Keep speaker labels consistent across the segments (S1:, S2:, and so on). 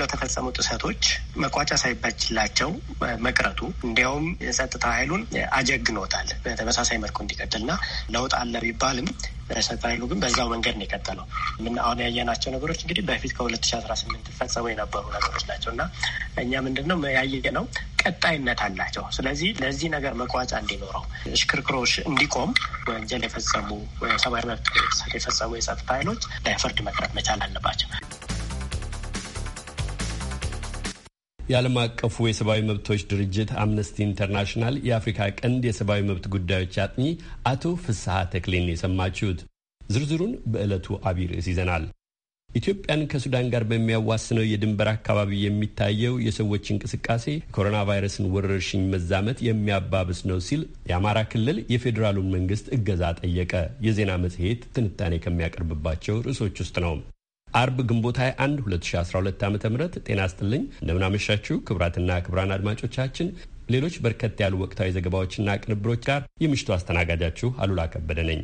S1: ለተፈጸሙ ጥሰቶች መቋጫ ሳይበጅላቸው መቅረቱ እንዲያውም የጸጥታ ኃይሉን አጀግኖታል። በተመሳሳይ መልኩ እንዲቀጥልና ለውጥ አለ ቢባልም ጸጥታ ኃይሉ ግን በዛው መንገድ ነው የቀጠለው። ምን አሁን ያየናቸው ነገሮች እንግዲህ በፊት ከሁለት ሺ አስራ ስምንት ፈጸሙ የነበሩ ነገሮች ናቸው እና እኛ ምንድን ነው ያየ ነው ቀጣይነት አላቸው። ስለዚህ ለዚህ ነገር መቋጫ እንዲኖረው እሽክርክሮች እንዲቆም ወንጀል የፈጸሙ ሰብአዊ መብት የፈጸሙ የጸጥታ ኃይሎች ለፍርድ መቅረብ መቻል አለባቸው።
S2: የዓለም አቀፉ የሰብአዊ መብቶች ድርጅት አምነስቲ ኢንተርናሽናል የአፍሪካ ቀንድ የሰብአዊ መብት ጉዳዮች አጥኚ አቶ ፍስሐ ተክሌን የሰማችሁት። ዝርዝሩን በዕለቱ አቢይ ርዕስ ይዘናል። ኢትዮጵያን ከሱዳን ጋር በሚያዋስነው የድንበር አካባቢ የሚታየው የሰዎች እንቅስቃሴ የኮሮና ቫይረስን ወረርሽኝ መዛመት የሚያባብስ ነው ሲል የአማራ ክልል የፌዴራሉን መንግስት እገዛ ጠየቀ። የዜና መጽሔት ትንታኔ ከሚያቀርብባቸው ርዕሶች ውስጥ ነው። አርብ ግንቦት 21 2012 ዓ ም ጤና ስጥልኝ። እንደምናመሻችሁ ክቡራትና ክቡራን አድማጮቻችን ሌሎች በርከት ያሉ ወቅታዊ ዘገባዎችና ቅንብሮች ጋር የምሽቱ አስተናጋጃችሁ አሉላ ከበደ ነኝ።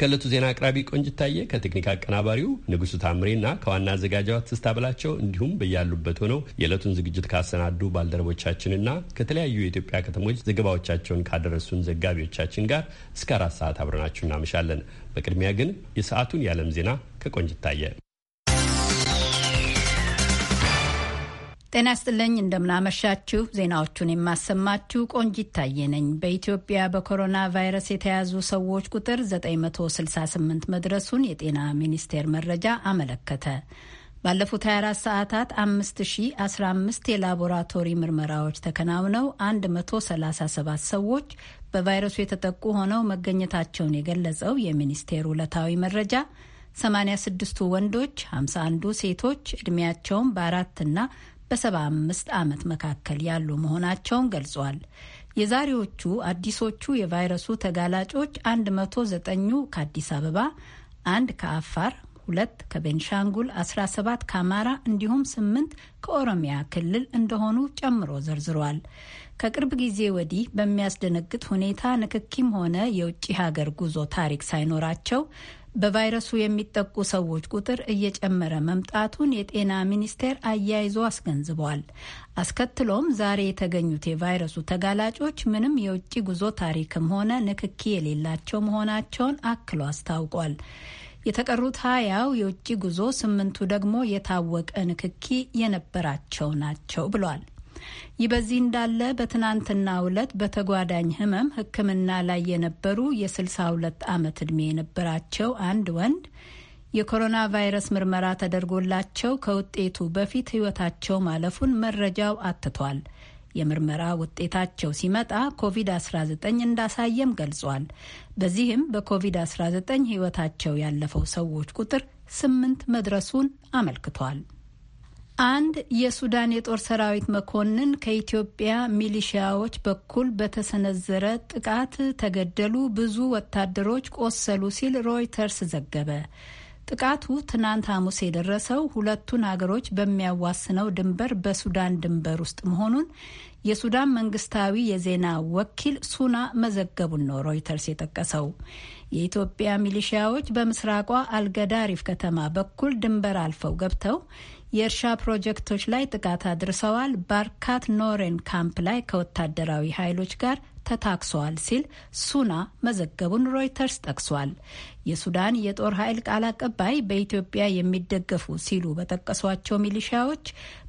S2: ከእለቱ ዜና አቅራቢ ቆንጅታየ ከቴክኒክ አቀናባሪው ንጉሱ ታምሬና ከዋና አዘጋጃዋ ትስታ ብላቸው እንዲሁም በያሉበት ሆነው የዕለቱን ዝግጅት ካሰናዱ ባልደረቦቻችንና ከተለያዩ የኢትዮጵያ ከተሞች ዘገባዎቻቸውን ካደረሱን ዘጋቢዎቻችን ጋር እስከ አራት ሰዓት አብረናችሁ እናመሻለን። በቅድሚያ ግን የሰዓቱን የዓለም ዜና ከቆንጅታየ
S3: ጤና ይስጥልኝ እንደምናመሻችሁ። ዜናዎቹን የማሰማችሁ ቆንጂት ታየ ነኝ። በኢትዮጵያ በኮሮና ቫይረስ የተያዙ ሰዎች ቁጥር 968 መድረሱን የጤና ሚኒስቴር መረጃ አመለከተ። ባለፉት 24 ሰዓታት 5015 የላቦራቶሪ ምርመራዎች ተከናውነው 137 ሰዎች በቫይረሱ የተጠቁ ሆነው መገኘታቸውን የገለጸው የሚኒስቴሩ ዕለታዊ መረጃ 86ቱ ወንዶች፣ 51ዱ ሴቶች እድሜያቸውን በአራትና በ75 ዓመት መካከል ያሉ መሆናቸውን ገልጿል። የዛሬዎቹ አዲሶቹ የቫይረሱ ተጋላጮች 109ኙ ከአዲስ አበባ፣ አንድ ከአፋር፣ ሁለት ከቤንሻንጉል፣ 17 ከአማራ እንዲሁም ስምንት ከኦሮሚያ ክልል እንደሆኑ ጨምሮ ዘርዝሯል። ከቅርብ ጊዜ ወዲህ በሚያስደነግጥ ሁኔታ ንክኪም ሆነ የውጭ ሀገር ጉዞ ታሪክ ሳይኖራቸው በቫይረሱ የሚጠቁ ሰዎች ቁጥር እየጨመረ መምጣቱን የጤና ሚኒስቴር አያይዞ አስገንዝቧል። አስከትሎም ዛሬ የተገኙት የቫይረሱ ተጋላጮች ምንም የውጭ ጉዞ ታሪክም ሆነ ንክኪ የሌላቸው መሆናቸውን አክሎ አስታውቋል። የተቀሩት ሀያው የውጭ ጉዞ፣ ስምንቱ ደግሞ የታወቀ ንክኪ የነበራቸው ናቸው ብሏል። ይህ በዚህ እንዳለ በትናንትና ዕለት በተጓዳኝ ህመም ሕክምና ላይ የነበሩ የ62 ዓመት ዕድሜ የነበራቸው አንድ ወንድ የኮሮና ቫይረስ ምርመራ ተደርጎላቸው ከውጤቱ በፊት ህይወታቸው ማለፉን መረጃው አትቷል። የምርመራ ውጤታቸው ሲመጣ ኮቪድ-19 እንዳሳየም ገልጿል። በዚህም በኮቪድ-19 ህይወታቸው ያለፈው ሰዎች ቁጥር ስምንት መድረሱን አመልክቷል። አንድ የሱዳን የጦር ሰራዊት መኮንን ከኢትዮጵያ ሚሊሺያዎች በኩል በተሰነዘረ ጥቃት ተገደሉ፣ ብዙ ወታደሮች ቆሰሉ ሲል ሮይተርስ ዘገበ። ጥቃቱ ትናንት ሐሙስ የደረሰው ሁለቱን አገሮች በሚያዋስነው ድንበር በሱዳን ድንበር ውስጥ መሆኑን የሱዳን መንግስታዊ የዜና ወኪል ሱና መዘገቡን ነው ሮይተርስ የጠቀሰው። የኢትዮጵያ ሚሊሺያዎች በምስራቋ አልገዳሪፍ ከተማ በኩል ድንበር አልፈው ገብተው የእርሻ ፕሮጀክቶች ላይ ጥቃት አድርሰዋል፣ ባርካት ኖሬን ካምፕ ላይ ከወታደራዊ ኃይሎች ጋር ተታክሰዋል ሲል ሱና መዘገቡን ሮይተርስ ጠቅሷል። የሱዳን የጦር ኃይል ቃል አቀባይ በኢትዮጵያ የሚደገፉ ሲሉ በጠቀሷቸው ሚሊሺያዎች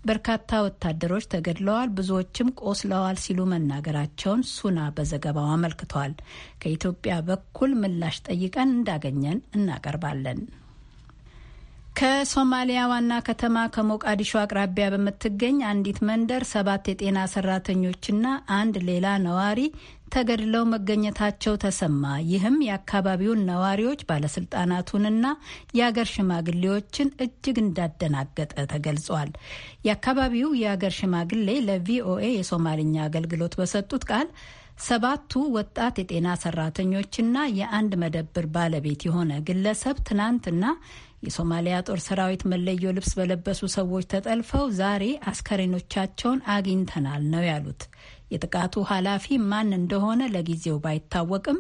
S3: በርካታ ወታደሮች ተገድለዋል፣ ብዙዎችም ቆስለዋል ሲሉ መናገራቸውን ሱና በዘገባው አመልክቷል። ከኢትዮጵያ በኩል ምላሽ ጠይቀን እንዳገኘን እናቀርባለን። ከሶማሊያ ዋና ከተማ ከሞቃዲሾ አቅራቢያ በምትገኝ አንዲት መንደር ሰባት የጤና ሰራተኞችና አንድ ሌላ ነዋሪ ተገድለው መገኘታቸው ተሰማ። ይህም የአካባቢውን ነዋሪዎች ባለስልጣናቱንና የአገር ሽማግሌዎችን እጅግ እንዳደናገጠ ተገልጿል። የአካባቢው የአገር ሽማግሌ ለቪኦኤ የሶማልኛ አገልግሎት በሰጡት ቃል ሰባቱ ወጣት የጤና ሰራተኞችና የአንድ መደብር ባለቤት የሆነ ግለሰብ ትናንትና የሶማሊያ ጦር ሰራዊት መለዮ ልብስ በለበሱ ሰዎች ተጠልፈው ዛሬ አስከሬኖቻቸውን አግኝተናል ነው ያሉት። የጥቃቱ ኃላፊ ማን እንደሆነ ለጊዜው ባይታወቅም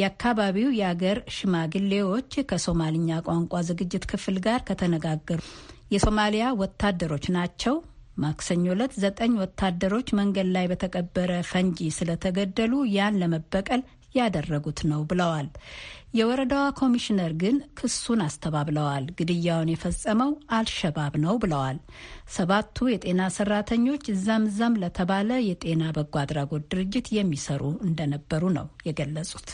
S3: የአካባቢው የአገር ሽማግሌዎች ከሶማልኛ ቋንቋ ዝግጅት ክፍል ጋር ከተነጋገሩ የሶማሊያ ወታደሮች ናቸው። ማክሰኞ ዕለት ዘጠኝ ወታደሮች መንገድ ላይ በተቀበረ ፈንጂ ስለተገደሉ ያን ለመበቀል ያደረጉት ነው ብለዋል። የወረዳዋ ኮሚሽነር ግን ክሱን አስተባብለዋል። ግድያውን የፈጸመው አልሸባብ ነው ብለዋል። ሰባቱ የጤና ሰራተኞች እዛም ለተባለ የጤና በጎ አድራጎት ድርጅት የሚሰሩ እንደነበሩ ነው የገለጹት።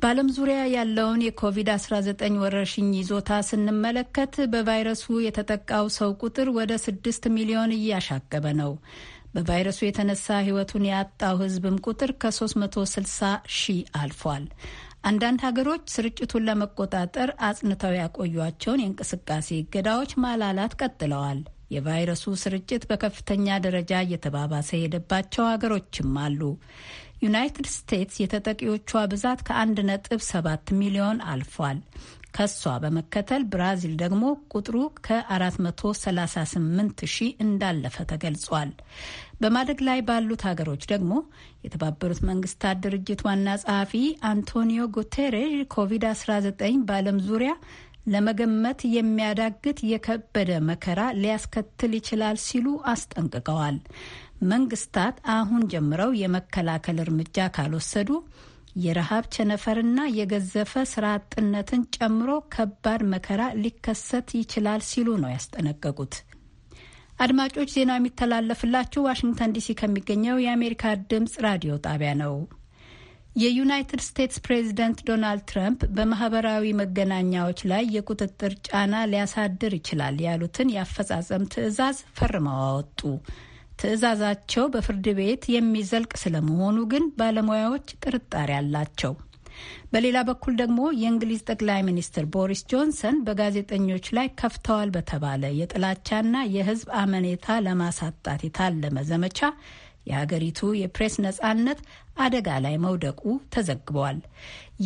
S3: በዓለም ዙሪያ ያለውን የኮቪድ-19 ወረርሽኝ ይዞታ ስንመለከት በቫይረሱ የተጠቃው ሰው ቁጥር ወደ ስድስት ሚሊዮን እያሻገበ ነው። በቫይረሱ የተነሳ ሕይወቱን ያጣው ሕዝብም ቁጥር ከ360 ሺህ አልፏል። አንዳንድ ሀገሮች ስርጭቱን ለመቆጣጠር አጽንተው ያቆዩቸውን የእንቅስቃሴ እገዳዎች ማላላት ቀጥለዋል። የቫይረሱ ስርጭት በከፍተኛ ደረጃ እየተባባሰ የሄደባቸው ሀገሮችም አሉ። ዩናይትድ ስቴትስ የተጠቂዎቿ ብዛት ከአንድ ነጥብ ሰባት ሚሊዮን አልፏል። ከሷ በመከተል ብራዚል ደግሞ ቁጥሩ ከ438 ሺህ እንዳለፈ ተገልጿል። በማደግ ላይ ባሉት ሀገሮች ደግሞ የተባበሩት መንግስታት ድርጅት ዋና ጸሐፊ አንቶኒዮ ጉቴሬዥ ኮቪድ-19 በዓለም ዙሪያ ለመገመት የሚያዳግት የከበደ መከራ ሊያስከትል ይችላል ሲሉ አስጠንቅቀዋል። መንግስታት አሁን ጀምረው የመከላከል እርምጃ ካልወሰዱ የረሃብ ቸነፈርና የገዘፈ ስራ አጥነትን ጨምሮ ከባድ መከራ ሊከሰት ይችላል ሲሉ ነው ያስጠነቀቁት። አድማጮች ዜናው የሚተላለፍላችሁ ዋሽንግተን ዲሲ ከሚገኘው የአሜሪካ ድምፅ ራዲዮ ጣቢያ ነው። የዩናይትድ ስቴትስ ፕሬዝደንት ዶናልድ ትራምፕ በማህበራዊ መገናኛዎች ላይ የቁጥጥር ጫና ሊያሳድር ይችላል ያሉትን የአፈጻጸም ትዕዛዝ ፈርመው አወጡ። ትዕዛዛቸው በፍርድ ቤት የሚዘልቅ ስለመሆኑ ግን ባለሙያዎች ጥርጣሬ አላቸው። በሌላ በኩል ደግሞ የእንግሊዝ ጠቅላይ ሚኒስትር ቦሪስ ጆንሰን በጋዜጠኞች ላይ ከፍተዋል በተባለ የጥላቻና የሕዝብ አመኔታ ለማሳጣት የታለመ ዘመቻ የሀገሪቱ የፕሬስ ነጻነት አደጋ ላይ መውደቁ ተዘግቧል።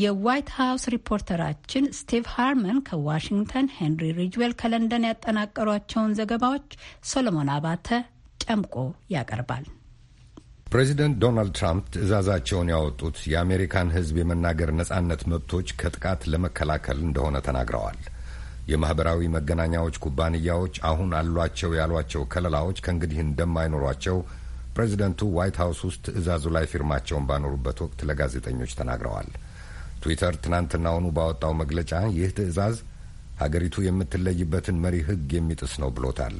S3: የዋይት ሀውስ ሪፖርተራችን ስቲቭ ሃርመን ከዋሽንግተን፣ ሄንሪ ሪጅዌል ከለንደን ያጠናቀሯቸውን ዘገባዎች ሶሎሞን አባተ ጨምቆ ያቀርባል።
S4: ፕሬዚደንት ዶናልድ ትራምፕ ትዕዛዛቸውን ያወጡት የአሜሪካን ሕዝብ የመናገር ነጻነት መብቶች ከጥቃት ለመከላከል እንደሆነ ተናግረዋል። የማህበራዊ መገናኛዎች ኩባንያዎች አሁን አሏቸው ያሏቸው ከለላዎች ከእንግዲህ እንደማይኖሯቸው ፕሬዚደንቱ ዋይት ሀውስ ውስጥ ትዕዛዙ ላይ ፊርማቸውን ባኖሩበት ወቅት ለጋዜጠኞች ተናግረዋል። ትዊተር ትናንትናውኑ ባወጣው መግለጫ ይህ ትዕዛዝ ሀገሪቱ የምትለይበትን መሪ ህግ የሚጥስ ነው ብሎታል።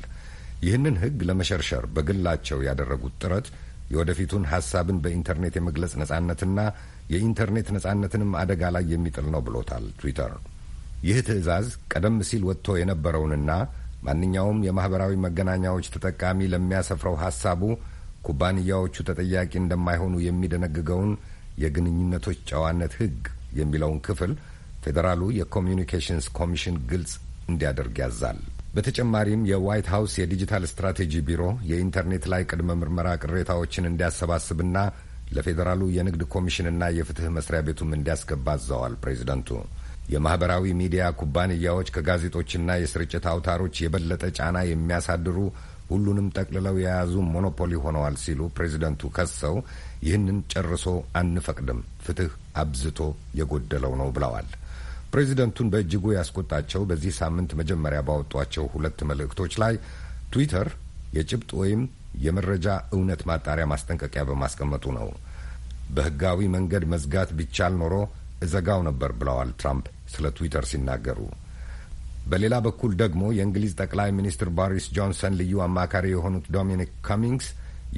S4: ይህንን ህግ ለመሸርሸር በግላቸው ያደረጉት ጥረት የወደፊቱን ሀሳብን በኢንተርኔት የመግለጽ ነጻነትና የኢንተርኔት ነጻነትንም አደጋ ላይ የሚጥል ነው ብሎታል ትዊተር። ይህ ትዕዛዝ ቀደም ሲል ወጥቶ የነበረውንና ማንኛውም የማኅበራዊ መገናኛዎች ተጠቃሚ ለሚያሰፍረው ሀሳቡ ኩባንያዎቹ ተጠያቂ እንደማይሆኑ የሚደነግገውን የግንኙነቶች ጨዋነት ሕግ የሚለውን ክፍል ፌዴራሉ የኮሚኒኬሽንስ ኮሚሽን ግልጽ እንዲያደርግ ያዛል። በተጨማሪም የዋይት ሀውስ የዲጂታል ስትራቴጂ ቢሮ የኢንተርኔት ላይ ቅድመ ምርመራ ቅሬታዎችን እንዲያሰባስብና ለፌዴራሉ የንግድ ኮሚሽንና የፍትህ መስሪያ ቤቱም እንዲያስገባ አዘዋል። ፕሬዚደንቱ የማህበራዊ ሚዲያ ኩባንያዎች ከጋዜጦችና የስርጭት አውታሮች የበለጠ ጫና የሚያሳድሩ ሁሉንም ጠቅልለው የያዙ ሞኖፖሊ ሆነዋል ሲሉ ፕሬዚደንቱ ከሰው ይህንን ጨርሶ አንፈቅድም፣ ፍትህ አብዝቶ የጎደለው ነው ብለዋል። ፕሬዚደንቱን በእጅጉ ያስቆጣቸው በዚህ ሳምንት መጀመሪያ ባወጧቸው ሁለት መልእክቶች ላይ ትዊተር የጭብጥ ወይም የመረጃ እውነት ማጣሪያ ማስጠንቀቂያ በማስቀመጡ ነው። በህጋዊ መንገድ መዝጋት ቢቻል ኖሮ እዘጋው ነበር ብለዋል ትራምፕ ስለ ትዊተር ሲናገሩ። በሌላ በኩል ደግሞ የእንግሊዝ ጠቅላይ ሚኒስትር ቦሪስ ጆንሰን ልዩ አማካሪ የሆኑት ዶሚኒክ ካሚንግስ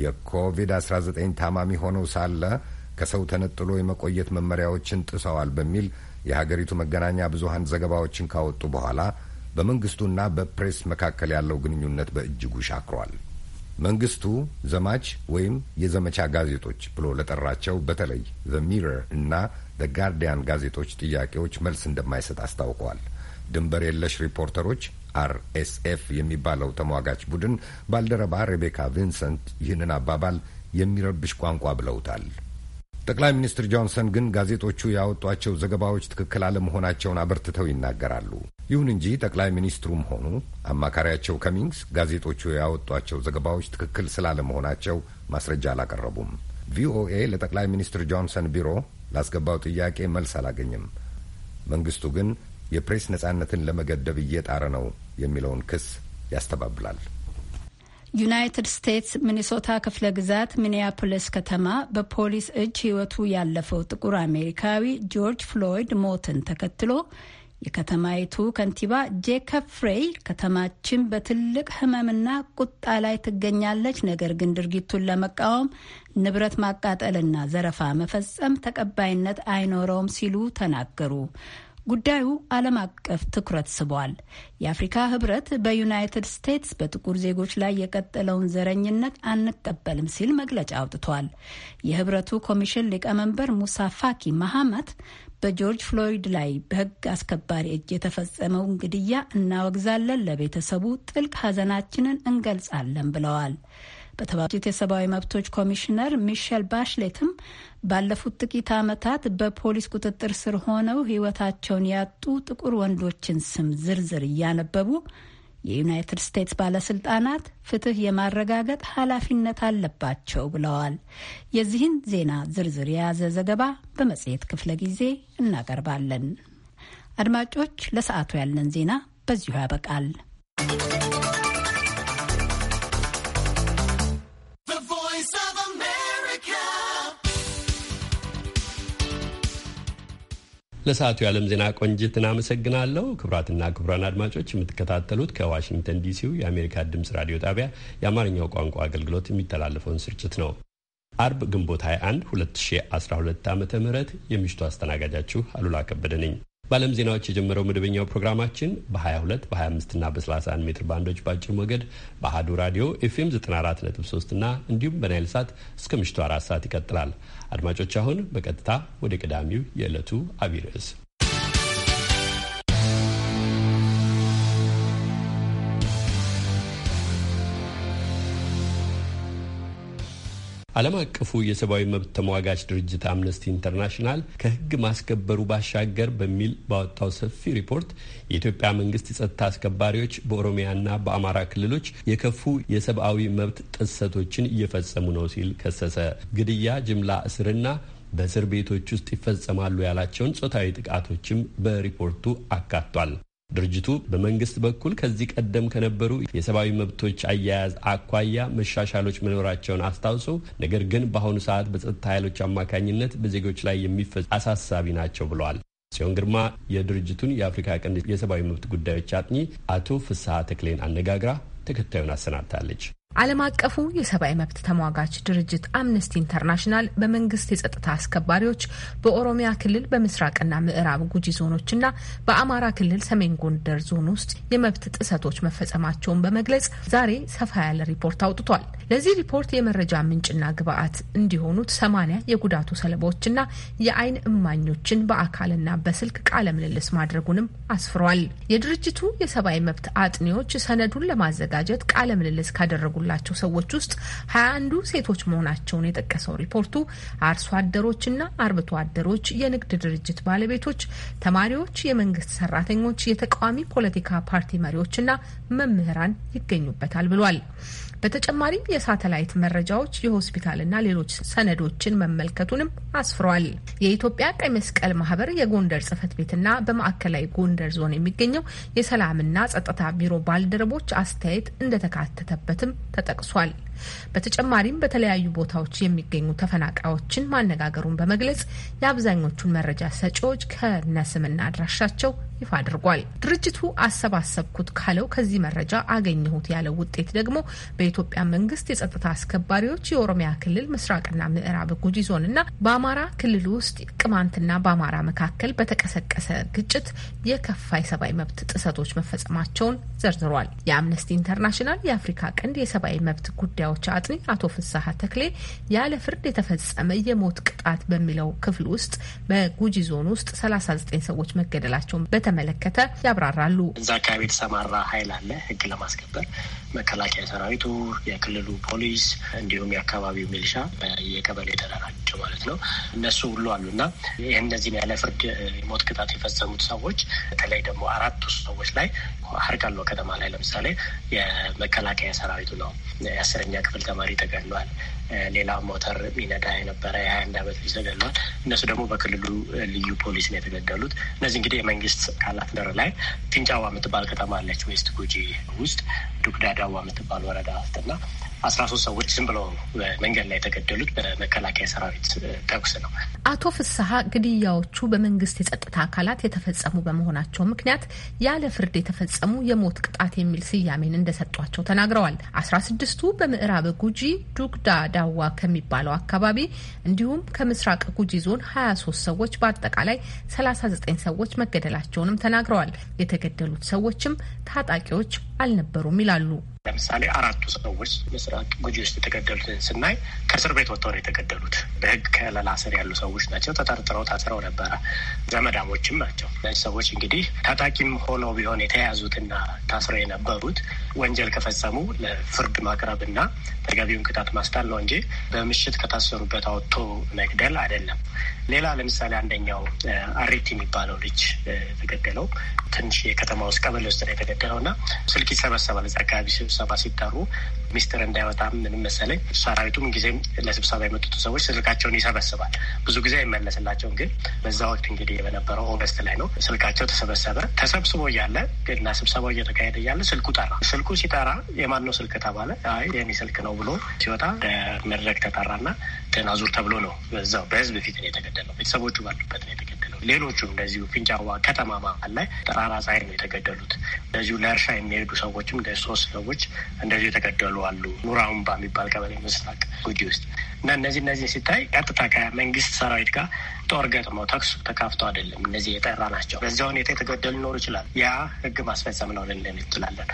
S4: የኮቪድ-19 ታማሚ ሆነው ሳለ ከሰው ተነጥሎ የመቆየት መመሪያዎችን ጥሰዋል በሚል የሀገሪቱ መገናኛ ብዙሀን ዘገባዎችን ካወጡ በኋላ በመንግስቱና በፕሬስ መካከል ያለው ግንኙነት በእጅጉ ሻክሯል። መንግስቱ ዘማች ወይም የዘመቻ ጋዜጦች ብሎ ለጠራቸው በተለይ ዘ ሚረር እና ዘ ጋርዲያን ጋዜጦች ጥያቄዎች መልስ እንደማይሰጥ አስታውቀዋል። ድንበር የለሽ ሪፖርተሮች አርኤስኤፍ የሚባለው ተሟጋች ቡድን ባልደረባ ሬቤካ ቪንሰንት ይህንን አባባል የሚረብሽ ቋንቋ ብለውታል። ጠቅላይ ሚኒስትር ጆንሰን ግን ጋዜጦቹ ያወጧቸው ዘገባዎች ትክክል አለመሆናቸውን አበርትተው ይናገራሉ። ይሁን እንጂ ጠቅላይ ሚኒስትሩም ሆኑ አማካሪያቸው ከሚንግስ ጋዜጦቹ ያወጧቸው ዘገባዎች ትክክል ስላለመሆናቸው ማስረጃ አላቀረቡም። ቪኦኤ ለጠቅላይ ሚኒስትር ጆንሰን ቢሮ ላስገባው ጥያቄ መልስ አላገኝም። መንግስቱ ግን የፕሬስ ነጻነትን ለመገደብ እየጣረ ነው የሚለውን ክስ ያስተባብላል።
S3: ዩናይትድ ስቴትስ ሚኒሶታ ክፍለ ግዛት ሚኒያፖሊስ ከተማ በፖሊስ እጅ ሕይወቱ ያለፈው ጥቁር አሜሪካዊ ጆርጅ ፍሎይድ ሞትን ተከትሎ የከተማይቱ ከንቲባ ጄከብ ፍሬይ ከተማችን በትልቅ ህመምና ቁጣ ላይ ትገኛለች፣ ነገር ግን ድርጊቱን ለመቃወም ንብረት ማቃጠልና ዘረፋ መፈጸም ተቀባይነት አይኖረውም ሲሉ ተናገሩ። ጉዳዩ ዓለም አቀፍ ትኩረት ስቧል። የአፍሪካ ህብረት በዩናይትድ ስቴትስ በጥቁር ዜጎች ላይ የቀጠለውን ዘረኝነት አንቀበልም ሲል መግለጫ አውጥቷል። የህብረቱ ኮሚሽን ሊቀመንበር ሙሳ ፋኪ መሐማት በጆርጅ ፍሎይድ ላይ በህግ አስከባሪ እጅ የተፈጸመውን ግድያ እናወግዛለን፣ ለቤተሰቡ ጥልቅ ሐዘናችንን እንገልጻለን ብለዋል። በተባበሩት የሰብአዊ መብቶች ኮሚሽነር ሚሸል ባሽሌትም ባለፉት ጥቂት ዓመታት በፖሊስ ቁጥጥር ስር ሆነው ሕይወታቸውን ያጡ ጥቁር ወንዶችን ስም ዝርዝር እያነበቡ የዩናይትድ ስቴትስ ባለስልጣናት ፍትህ የማረጋገጥ ኃላፊነት አለባቸው ብለዋል። የዚህን ዜና ዝርዝር የያዘ ዘገባ በመጽሔት ክፍለ ጊዜ እናቀርባለን። አድማጮች፣ ለሰዓቱ ያለን ዜና በዚሁ ያበቃል።
S2: ለሰዓቱ የዓለም ዜና ቆንጅት እናመሰግናለሁ። ክቡራትና ክቡራን አድማጮች የምትከታተሉት ከዋሽንግተን ዲሲው የአሜሪካ ድምፅ ራዲዮ ጣቢያ የአማርኛው ቋንቋ አገልግሎት የሚተላለፈውን ስርጭት ነው። አርብ ግንቦት 21 2012 ዓ ም የምሽቱ አስተናጋጃችሁ አሉላ ከበደ ነኝ። በዓለም ዜናዎች የጀመረው መደበኛው ፕሮግራማችን በ22 በ25ና በ31 ሜትር ባንዶች በአጭር ሞገድ በአህዱ ራዲዮ ኤፍኤም 943 እና እንዲሁም በናይል ሳት እስከ ምሽቱ አራት ሰዓት ይቀጥላል። አድማጮች አሁን በቀጥታ ወደ ቀዳሚው የዕለቱ አቢይ ርዕስ ዓለም አቀፉ የሰብአዊ መብት ተሟጋች ድርጅት አምነስቲ ኢንተርናሽናል ከህግ ማስከበሩ ባሻገር በሚል ባወጣው ሰፊ ሪፖርት የኢትዮጵያ መንግስት የጸጥታ አስከባሪዎች በኦሮሚያና በአማራ ክልሎች የከፉ የሰብአዊ መብት ጥሰቶችን እየፈጸሙ ነው ሲል ከሰሰ። ግድያ፣ ጅምላ እስርና በእስር ቤቶች ውስጥ ይፈጸማሉ ያላቸውን ጾታዊ ጥቃቶችም በሪፖርቱ አካቷል። ድርጅቱ በመንግስት በኩል ከዚህ ቀደም ከነበሩ የሰብአዊ መብቶች አያያዝ አኳያ መሻሻሎች መኖራቸውን አስታውሶ ነገር ግን በአሁኑ ሰዓት በጸጥታ ኃይሎች አማካኝነት በዜጎች ላይ የሚፈጽ አሳሳቢ ናቸው ብለዋል። ጽዮን ግርማ የድርጅቱን የአፍሪካ ቀንድ የሰብአዊ መብት ጉዳዮች አጥኚ አቶ ፍስሐ ተክሌን አነጋግራ ተከታዩን አሰናድታለች።
S5: ዓለም አቀፉ የሰብአዊ መብት ተሟጋች ድርጅት አምነስቲ ኢንተርናሽናል በመንግስት የጸጥታ አስከባሪዎች በኦሮሚያ ክልል በምስራቅና ምዕራብ ጉጂ ዞኖችና በአማራ ክልል ሰሜን ጎንደር ዞን ውስጥ የመብት ጥሰቶች መፈጸማቸውን በመግለጽ ዛሬ ሰፋ ያለ ሪፖርት አውጥቷል። ለዚህ ሪፖርት የመረጃ ምንጭና ግብአት እንዲሆኑት ሰማኒያ የጉዳቱ ሰለባዎችና የአይን እማኞችን በአካልና በስልክ ቃለ ምልልስ ማድረጉንም አስፍሯል። የድርጅቱ የሰብአዊ መብት አጥኚዎች ሰነዱን ለማዘጋጀት ቃለ ምልልስ ካደረጉ ከተላኩላቸው ሰዎች ውስጥ ሀያ አንዱ ሴቶች መሆናቸውን የጠቀሰው ሪፖርቱ አርሶ አደሮችና አርብቶ አደሮች፣ የንግድ ድርጅት ባለቤቶች፣ ተማሪዎች፣ የመንግስት ሰራተኞች፣ የተቃዋሚ ፖለቲካ ፓርቲ መሪዎችና መምህራን ይገኙበታል ብሏል። በተጨማሪም የሳተላይት መረጃዎች፣ የሆስፒታልና ሌሎች ሰነዶችን መመልከቱንም አስፍሯል። የኢትዮጵያ ቀይ መስቀል ማህበር የጎንደር ጽህፈት ቤትና በማዕከላዊ ጎንደር ዞን የሚገኘው የሰላምና ጸጥታ ቢሮ ባልደረቦች አስተያየት እንደተካተተበትም ተጠቅሷል። በተጨማሪም በተለያዩ ቦታዎች የሚገኙ ተፈናቃዮችን ማነጋገሩን በመግለጽ የአብዛኞቹን መረጃ ሰጪዎች ከነስምና አድራሻቸው ይፋ አድርጓል። ድርጅቱ አሰባሰብኩት ካለው ከዚህ መረጃ አገኘሁት ያለው ውጤት ደግሞ በኢትዮጵያ መንግስት የጸጥታ አስከባሪዎች የኦሮሚያ ክልል ምስራቅና ምዕራብ ጉጂ እና በአማራ ክልል ውስጥ ቅማንትና በአማራ መካከል በተቀሰቀሰ ግጭት የከፋ የሰብአዊ መብት ጥሰቶች መፈጸማቸውን ዘርዝሯል። የአምነስቲ ኢንተርናሽናል የአፍሪካ ቀንድ የሰብአዊ መብት ጉዳዮች ጉዳዮች አጥኒ አቶ ፍሳሐ ተክሌ ያለ ፍርድ የተፈጸመ የሞት ቅጣት በሚለው ክፍል ውስጥ በጉጂ ዞን ውስጥ 39 ሰዎች መገደላቸውን በተመለከተ ያብራራሉ።
S1: እዛ አካባቢ የተሰማራ ኃይል አለ ህግ ለማስከበር መከላከያ ሰራዊቱ፣ የክልሉ ፖሊስ እንዲሁም የአካባቢው ሚሊሻ የቀበሌ ተደራጀው ማለት ነው እነሱ ሁሉ አሉ እና ይህ እነዚህን ያለ ፍርድ የሞት ቅጣት የፈጸሙት ሰዎች በተለይ ደግሞ አራቱ ሰዎች ላይ ሀርቃሎ ከተማ ላይ ለምሳሌ የመከላከያ ሰራዊቱ ነው የአስረኛ ክፍል ተማሪ ተገድሏል። ሌላ ሞተር ሚነዳ የነበረ የሀያ አንድ አመት ልጅ ተገድሏል። እነሱ ደግሞ በክልሉ ልዩ ፖሊስ ነው የተገደሉት። እነዚህ እንግዲህ የመንግስት ካላት ደር ላይ ፊንጫዋ የምትባል ከተማ አለች ዌስት ጉጂ ውስጥ ዱግዳ ዳዋ የምትባል ወረዳ ውስጥና አስራ ሶስት ሰዎች ዝም ብለው መንገድ ላይ የተገደሉት በመከላከያ ሰራዊት ተኩስ ነው።
S5: አቶ ፍስሀ ግድያዎቹ በመንግስት የጸጥታ አካላት የተፈጸሙ በመሆናቸው ምክንያት ያለ ፍርድ የተፈጸሙ የሞት ቅጣት የሚል ስያሜን እንደሰጧቸው ተናግረዋል። አስራ ስድስቱ በምዕራብ ጉጂ ዱግዳ ዳዋ ከሚባለው አካባቢ እንዲሁም ከምስራቅ ጉጂ ዞን ሀያ ሶስት ሰዎች በአጠቃላይ ሰላሳ ዘጠኝ ሰዎች መገደላቸውንም ተናግረዋል። የተገደሉት ሰዎችም ታጣቂዎች አልነበሩም ይላሉ።
S1: ለምሳሌ አራቱ ሰዎች ጉጂ ውስጥ የተገደሉትን ስናይ ከእስር ቤት ወጥተው ነው የተገደሉት። በህግ ከለላ ስር ያሉ ሰዎች ናቸው። ተጠርጥረው ታስረው ነበረ። ዘመዳሞችም ናቸው። እነዚህ ሰዎች እንግዲህ ታጣቂም ሆኖ ቢሆን የተያዙትና ታስረው የነበሩት ወንጀል ከፈጸሙ ለፍርድ ማቅረብ እና ተገቢውን ቅጣት ማስጣል ነው እንጂ በምሽት ከታሰሩበት አወጥቶ መግደል አይደለም። ሌላ ለምሳሌ አንደኛው አሪት የሚባለው ልጅ የተገደለው ትንሽ የከተማ ውስጥ ቀበሌ ውስጥ ነው የተገደለው እና ስልክ ይሰበሰባል እዚ አካባቢ ስብሰባ ሲጠሩ ሚስጥር እንዳይወጣ ምንም መሰለኝ ሰራዊቱም ጊዜም ለስብሰባ የመጡት ሰዎች ስልካቸውን ይሰበስባል። ብዙ ጊዜ አይመለስላቸውም። ግን በዛ ወቅት እንግዲህ በነበረው ኦገስት ላይ ነው ስልካቸው ተሰበሰበ። ተሰብስቦ እያለ እና ስብሰባው እየተካሄደ እያለ ስልኩ ጠራ። ስልኩ ሲጠራ የማን ነው ስልክ ተባለ። አይ የኔ ስልክ ነው ብሎ ሲወጣ መድረክ ተጠራና ደናዙር ተብሎ ነው በዛው በህዝብ ፊት ነው የተገደለው። ቤተሰቦቹ ባሉበት ነው የተገደለው። ሌሎቹ እንደዚሁ ፊንጫዋ ከተማ መሀል ላይ ጠራራ ፀሐይ ነው የተገደሉት። እንደዚሁ ለእርሻ የሚሄዱ ሰዎችም እንደ ሶስት ሰዎች እንደዚሁ የተገደሉ አሉ። ኑራውምባ የሚባል ቀበሌ ምስራቅ ጉጂ ውስጥ እና እነዚህ እነዚህ ሲታይ ቀጥታ ከመንግስት ሰራዊት ጋር ጦር ገጥመው ተኩስ ተካፍተው አይደለም። እነዚህ የጠራ ናቸው። በዚያ ሁኔታ የተገደሉ ሊኖሩ ይችላል። ያ ህግ ማስፈጸም ነው ልንል እንችላለን።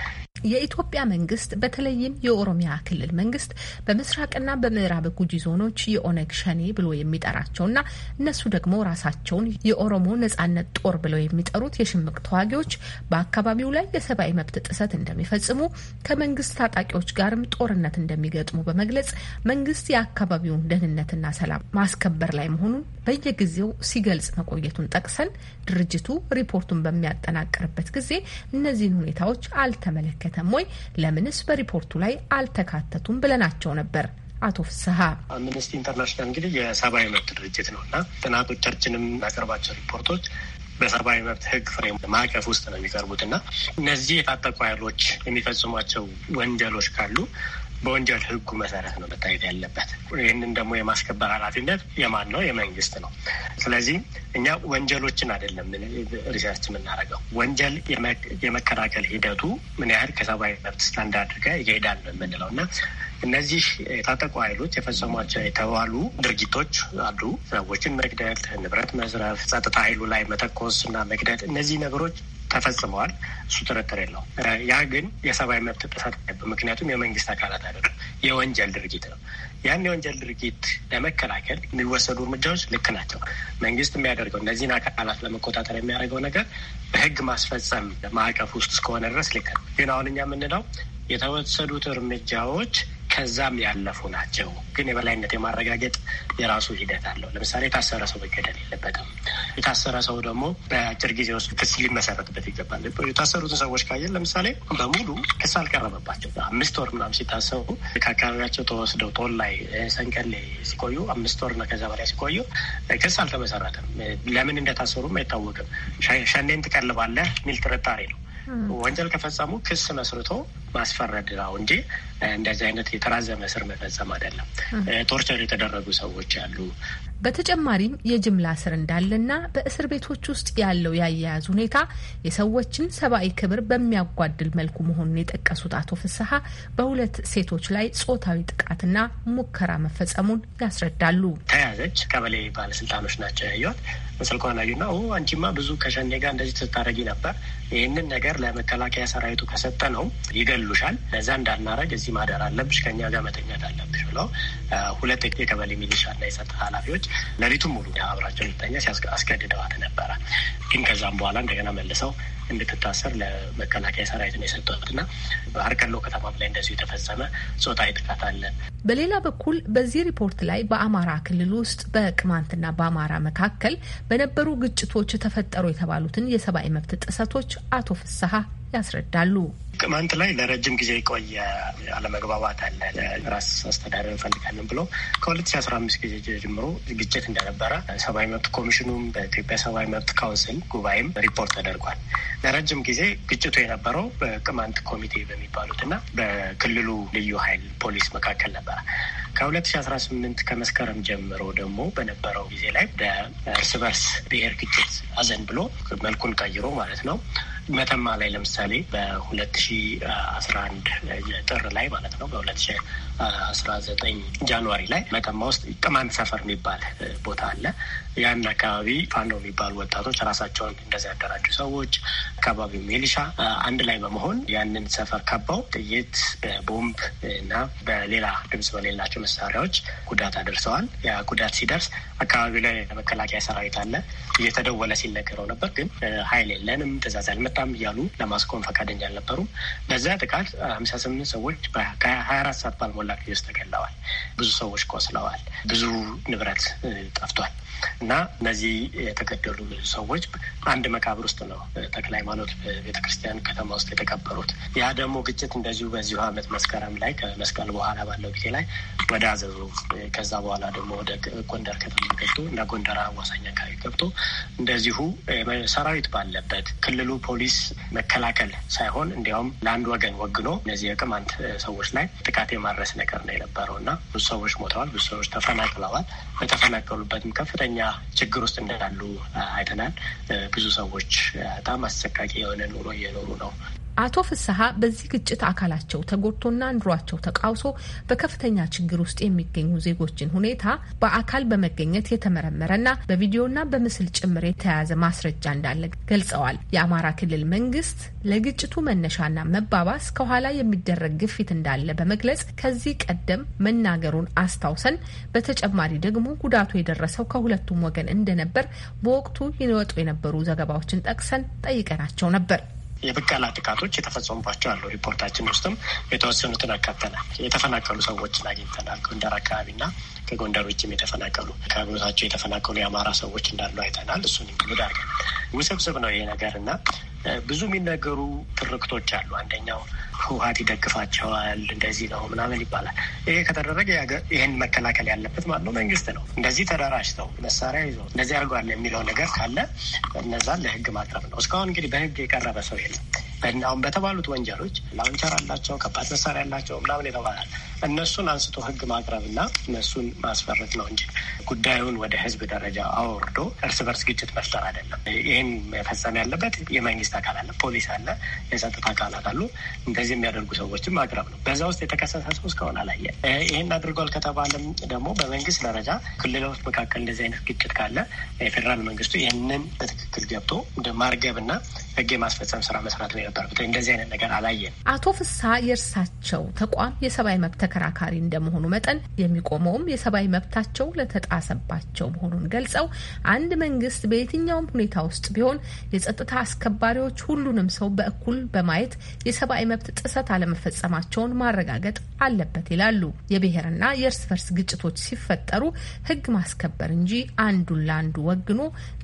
S5: የኢትዮጵያ መንግስት በተለይም የኦሮሚያ ክልል መንግስት በምስራቅና በምዕራብ ጉጂ ዞኖች የኦነግ ሸኔ ብሎ የሚጠራቸውና እነሱ ደግሞ ራሳቸውን የኦሮሞ ነጻነት ጦር ብለው የሚጠሩት የሽምቅ ተዋጊዎች በአካባቢው ላይ የሰብአዊ መብት ጥሰት እንደሚፈጽሙ ከመንግስት ታጣቂዎች ጋርም ጦርነት እንደሚገጥሙ በመግለጽ መንግስት የአካባቢውን ደህንነትና ሰላም ማስከበር ላይ መሆኑን በየጊዜው ሲገልጽ መቆየቱን ጠቅሰን ድርጅቱ ሪፖርቱን በሚያጠናቅርበት ጊዜ እነዚህን ሁኔታዎች አልተመለከተም ወይ? ለምንስ በሪፖርቱ ላይ አልተካተቱም ብለናቸው ነበር። አቶ ፍስሀ
S1: አምነስቲ ኢንተርናሽናል እንግዲህ የሰብአዊ መብት ድርጅት ነው እና ጥናቶቻችንም ያቀርባቸው ሪፖርቶች በሰብአዊ መብት ሕግ ፍሬም ማዕቀፍ ውስጥ ነው የሚቀርቡት እና እነዚህ የታጠቁ ኃይሎች የሚፈጽሟቸው ወንጀሎች ካሉ በወንጀል ህጉ መሰረት ነው መታየት ያለበት። ይህንን ደግሞ የማስከበር ኃላፊነት የማን ነው? የመንግስት ነው። ስለዚህ እኛ ወንጀሎችን አይደለም ሪሰርች የምናደርገው ወንጀል የመከላከል ሂደቱ ምን ያህል ከሰብአዊ መብት ስታንዳርድ ጋር ይሄዳል ነው የምንለው እና እነዚህ የታጠቁ ኃይሎች የፈጸሟቸው የተባሉ ድርጊቶች አሉ። ሰዎችን መግደል፣ ንብረት መዝረፍ፣ ጸጥታ ኃይሉ ላይ መተኮስ እና መግደል፣ እነዚህ ነገሮች ተፈጽመዋል። እሱ ጥርጥር የለው። ያ ግን የሰብአዊ መብት ጥሰት፣ ምክንያቱም የመንግስት አካላት አይደለም፣ የወንጀል ድርጊት ነው። ያን የወንጀል ድርጊት ለመከላከል የሚወሰዱ እርምጃዎች ልክ ናቸው። መንግስት የሚያደርገው እነዚህን አካላት ለመቆጣጠር የሚያደርገው ነገር በህግ ማስፈጸም ማዕቀፍ ውስጥ እስከሆነ ድረስ ልክ ነው። ግን አሁን እኛ የምንለው የተወሰዱት እርምጃዎች ከዛም ያለፉ ናቸው። ግን የበላይነት የማረጋገጥ የራሱ ሂደት አለው። ለምሳሌ የታሰረ ሰው መገደል የለበትም። የታሰረ ሰው ደግሞ በአጭር ጊዜ ውስጥ ክስ ሊመሰረትበት ይገባል። የታሰሩትን ሰዎች ካየን ለምሳሌ በሙሉ ክስ አልቀረበባቸው አምስት ወር ምናምን ሲታሰሩ ከአካባቢያቸው ተወስደው ጦል ላይ ሰንቀሌ ሲቆዩ አምስት ወር እና ከዛ በላይ ሲቆዩ ክስ አልተመሰረተም። ለምን እንደታሰሩም አይታወቅም። ሸኔን ትቀልባለህ የሚል ጥርጣሬ ነው። ወንጀል ከፈጸሙ ክስ መስርቶ ማስፈረድ ነው እንጂ እንደዚህ አይነት የተራዘመ እስር መፈጸም አይደለም። ቶርቸር የተደረጉ ሰዎች አሉ።
S5: በተጨማሪም የጅምላ እስር እንዳለና በእስር ቤቶች ውስጥ ያለው የአያያዝ ሁኔታ የሰዎችን ሰብአዊ ክብር በሚያጓድል መልኩ መሆኑን የጠቀሱት አቶ ፍስሀ በሁለት ሴቶች ላይ ጾታዊ ጥቃትና ሙከራ መፈጸሙን ያስረዳሉ።
S1: ተያዘች ቀበሌ ባለስልጣኖች ናቸው ያዩት ስልኳን አዩና አንቺማ ብዙ ከሸኔ ጋር እንደዚህ ስታረጊ ነበር፣ ይህንን ነገር ለመከላከያ ሰራዊቱ ከሰጠ ነው ይገ ይገሉሻል። ለዛ እንዳናረግ እዚህ ማደር አለብሽ፣ ከኛ ጋር መተኛት አለብሽ ብለው ሁለት የቀበሌ ሚሊሻና የጸጥታ ኃላፊዎች ሌሊቱን ሙሉ አብራቸው እንድተኛ አስገድደዋት ነበረ። ግን ከዛም በኋላ እንደገና መልሰው እንድትታሰር ለመከላከያ ሰራዊት ነው የሰጠት እና አርከሎ ከተማ ላይ እንደዚሁ የተፈጸመ ጾታዊ ጥቃት አለ።
S5: በሌላ በኩል በዚህ ሪፖርት ላይ በአማራ ክልል ውስጥ በቅማንትና በአማራ መካከል በነበሩ ግጭቶች ተፈጠሩ የተባሉትን የሰብአዊ መብት ጥሰቶች አቶ ፍስሀ ያስረዳሉ።
S1: ቅማንት ላይ ለረጅም ጊዜ የቆየ አለመግባባት አለ። ራስ አስተዳደር እንፈልጋለን ብሎ ከ2015 ጊዜ ጀምሮ ግጭት እንደነበረ ሰብአዊ መብት ኮሚሽኑም በኢትዮጵያ ሰብአዊ መብት ካውንስል ጉባኤም ሪፖርት ተደርጓል። ለረጅም ጊዜ ግጭቱ የነበረው በቅማንት ኮሚቴ በሚባሉት እና በክልሉ ልዩ ኃይል ፖሊስ መካከል ነበረ። ከ ከ2018 ከመስከረም ጀምሮ ደግሞ በነበረው ጊዜ ላይ በእርስ በርስ ብሔር ግጭት አዘን ብሎ መልኩን ቀይሮ ማለት ነው መተማ ላይ ለምሳሌ በ2011 ጥር ላይ ማለት ነው፣ በ2019 ጃንዋሪ ላይ መተማ ውስጥ ቅማንት ሰፈር የሚባል ቦታ አለ። ያን አካባቢ ፋኖ የሚባሉ ወጣቶች ራሳቸውን እንደዚህ ያደራጁ ሰዎች አካባቢው ሚሊሻ አንድ ላይ በመሆን ያንን ሰፈር ከበው ጥይት፣ በቦምብ እና በሌላ ድምጽ በሌላቸው መሳሪያዎች ጉዳት አደርሰዋል። ያ ጉዳት ሲደርስ አካባቢው ላይ መከላከያ ሰራዊት አለ እየተደወለ ሲነገረው ነበር፣ ግን ኃይል የለንም ትእዛዝ አልመጣም እያሉ ለማስቆም ፈቃደኛ አልነበሩም። በዚያ ጥቃት ሀምሳ ስምንት ሰዎች ከሀያ አራት ሰዓት ባልሞላ ጊዜ ውስጥ ተገለዋል። ብዙ ሰዎች ቆስለዋል። ብዙ ንብረት ጠፍቷል። እና እነዚህ የተገደሉ ሰዎች አንድ መቃብር ውስጥ ነው ተክለ ሃይማኖት ቤተክርስቲያን ከተማ ውስጥ የተቀበሩት። ያ ደግሞ ግጭት እንደዚሁ በዚሁ አመት መስከረም ላይ ከመስቀል በኋላ ባለው ጊዜ ላይ ወደ አዘዙ፣ ከዛ በኋላ ደግሞ ወደ ጎንደር ከተማ ገብቶ እና ጎንደር አዋሳኝ አካባቢ ገብቶ እንደዚሁ ሰራዊት ባለበት ክልሉ ፖሊስ መከላከል ሳይሆን እንዲያውም ለአንድ ወገን ወግኖ እነዚህ የቅማንት ሰዎች ላይ ጥቃት የማድረስ ነገር ነው የነበረው እና ብዙ ሰዎች ሞተዋል፣ ብዙ ሰዎች ተፈናቅለዋል። በተፈናቀሉበትም ከፍተኛ ከፍተኛ ችግር ውስጥ እንዳሉ አይተናል። ብዙ ሰዎች በጣም አሰቃቂ የሆነ ኑሮ እየኖሩ ነው።
S5: አቶ ፍስሀ በዚህ ግጭት አካላቸው ተጎድቶና ኑሯቸው ተቃውሶ በከፍተኛ ችግር ውስጥ የሚገኙ ዜጎችን ሁኔታ በአካል በመገኘት የተመረመረና በቪዲዮና በምስል ጭምር የተያዘ ማስረጃ እንዳለ ገልጸዋል። የአማራ ክልል መንግስት ለግጭቱ መነሻና መባባስ ከኋላ የሚደረግ ግፊት እንዳለ በመግለጽ ከዚህ ቀደም መናገሩን አስታውሰን በተጨማሪ ደግሞ ጉዳቱ የደረሰው ከሁለቱም ወገን እንደነበር በወቅቱ ይወጡ የነበሩ ዘገባዎችን ጠቅሰን ጠይቀናቸው ነበር።
S1: የብቀላ ጥቃቶች የተፈጸሙባቸው አሉ። ሪፖርታችን ውስጥም የተወሰኑትን አካተናል። የተፈናቀሉ ሰዎችን አግኝተናል። ጎንደር አካባቢና ከጎንደር ውጭም የተፈናቀሉ ከቦታቸው የተፈናቀሉ የአማራ ሰዎች እንዳሉ አይተናል። እሱን ኢንክሉድ አድርገን ውስብስብ ነው ይሄ ነገር እና ብዙ የሚነገሩ ትርክቶች አሉ። አንደኛው ህወሀት ይደግፋቸዋል እንደዚህ ነው ምናምን ይባላል። ይሄ ከተደረገ ይህን መከላከል ያለበት ማለት ነው መንግስት ነው። እንደዚህ ተደራጅተው መሳሪያ ይዞ እንደዚህ አድርጓል የሚለው ነገር ካለ እነዛን ለህግ ማቅረብ ነው። እስካሁን እንግዲህ በህግ የቀረበ ሰው የለም። አሁን በተባሉት ወንጀሎች ላውንቸር አላቸው፣ ከባድ መሳሪያ አላቸው ምናምን የተባላል እነሱን አንስቶ ህግ ማቅረብና እነሱን ማስፈረት ነው እንጂ ጉዳዩን ወደ ህዝብ ደረጃ አወርዶ እርስ በርስ ግጭት መፍጠር አይደለም። ይህን መፈጸም ያለበት የመንግስት አካል አለ፣ ፖሊስ አለ፣ የጸጥታ አካላት አሉ። እንደዚህ የሚያደርጉ ሰዎችን ማቅረብ ነው። በዛ ውስጥ የተከሰሰ ሰው እስከሆነ አላየ። ይህን አድርጓል ከተባለም ደግሞ በመንግስት ደረጃ ክልሎች መካከል እንደዚህ አይነት ግጭት ካለ የፌዴራል መንግስቱ ይህንን በትክክል ገብቶ ማርገብና ህግ የማስፈጸም ስራ መስራት ነው የነበረበት። እንደዚህ አይነት ነገር አላየን።
S5: አቶ ፍስሀ የእርሳቸው ተቋም የሰብአዊ መብት ተከራካሪ እንደመሆኑ መጠን የሚቆመውም የሰብአዊ መብታቸው ለተጣሰባቸው መሆኑን ገልጸው አንድ መንግስት በየትኛውም ሁኔታ ውስጥ ቢሆን የጸጥታ አስከባሪዎች ሁሉንም ሰው በእኩል በማየት የሰብአዊ መብት ጥሰት አለመፈጸማቸውን ማረጋገጥ አለበት ይላሉ። የብሔርና የእርስ በርስ ግጭቶች ሲፈጠሩ ህግ ማስከበር እንጂ አንዱን ለአንዱ ወግኖ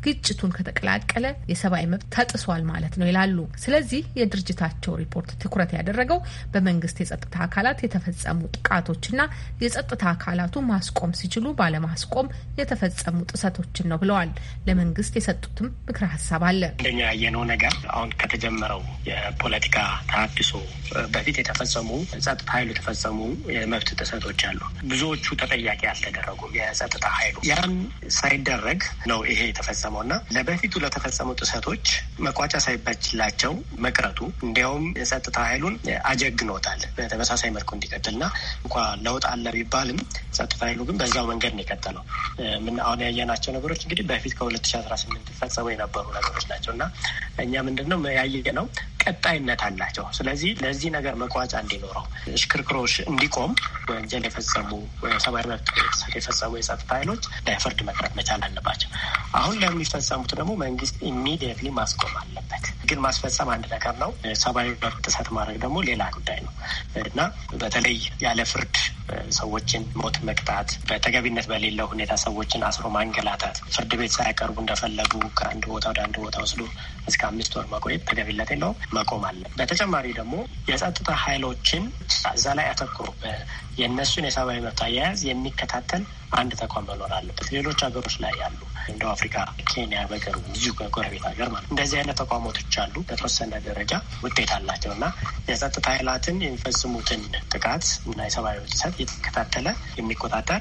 S5: ግጭቱን ከተቀላቀለ የሰብአዊ መብት ተጥሷል ማለት ነው ይላሉ። ስለዚህ የድርጅታቸው ሪፖርት ትኩረት ያደረገው በመንግስት የጸጥታ አካላት የተፈጸሙ ጥቃቶችና የጸጥታ አካላቱ ማስቆም ሲችሉ ባለማስቆም የተፈጸሙ ጥሰቶችን ነው ብለዋል። ለመንግስት የሰጡትም ምክረ ሀሳብ አለ።
S1: አንደኛ ያየነው ነገር አሁን ከተጀመረው የፖለቲካ ተሃድሶ በፊት የተፈጸሙ ጸጥታ ኃይሉ የተፈጸሙ የመብት ጥሰቶች አሉ። ብዙዎቹ ተጠያቂ አልተደረጉም። የጸጥታ ኃይሉ ያም ሳይደረግ ነው ይሄ የተፈጸመው እና ለበፊቱ ለተፈጸሙ ጥሰቶች መቋጫ ሳይበችላቸው መቅረቱ እንዲያውም የጸጥታ ኃይሉን አጀግኖታል። በተመሳሳይ መልኩ እንዲቀጥልና እንኳ ለውጥ አለ ቢባልም ጸጥታ ኃይሉ ግን በዛው መንገድ ነው የቀጠለው። ምን አሁን ያየናቸው ነገሮች እንግዲህ በፊት ከሁለት ሺ አስራ ስምንት ፈጸሙ የነበሩ ነገሮች ናቸው እና እኛ ምንድን ነው ነው ቀጣይነት አላቸው። ስለዚህ ለዚህ ነገር መቋጫ እንዲኖረው ሽክርክሮች እንዲቆም ወንጀል የፈጸሙ ሰብአዊ መብት ጥሰት የፈጸሙ የጸጥታ ኃይሎች ለፍርድ መቅረብ መቻል አለባቸው። አሁን ለሚፈጸሙት ደግሞ መንግስት ኢሚዲየትሊ ማስቆም አለ ግን ማስፈጸም አንድ ነገር ነው። ሰብአዊ መብት ጥሰት ማድረግ ደግሞ ሌላ ጉዳይ ነው እና በተለይ ያለ ፍርድ ሰዎችን ሞት መቅጣት፣ በተገቢነት በሌለው ሁኔታ ሰዎችን አስሮ ማንገላታት፣ ፍርድ ቤት ሳያቀርቡ እንደፈለጉ ከአንድ ቦታ ወደ አንድ ቦታ ወስዶ እስከ አምስት ወር መቆየት ተገቢነት የለውም፣ መቆም አለ። በተጨማሪ ደግሞ የጸጥታ ኃይሎችን እዛ ላይ አተኩሮ የእነሱን የሰብአዊ መብት አያያዝ የሚከታተል አንድ ተቋም መኖር አለበት። ሌሎች ሀገሮች ላይ ያሉ እንደ አፍሪካ ኬንያ በቅርቡ እዚሁ ከጎረቤት ሀገር ማለት እንደዚህ አይነት ተቋሞቶች አሉ። በተወሰነ ደረጃ ውጤት አላቸው እና የጸጥታ ኃይላትን የሚፈጽሙትን ጥቃት እና የሰብአዊ ጥሰት የተከታተለ የሚቆጣጠር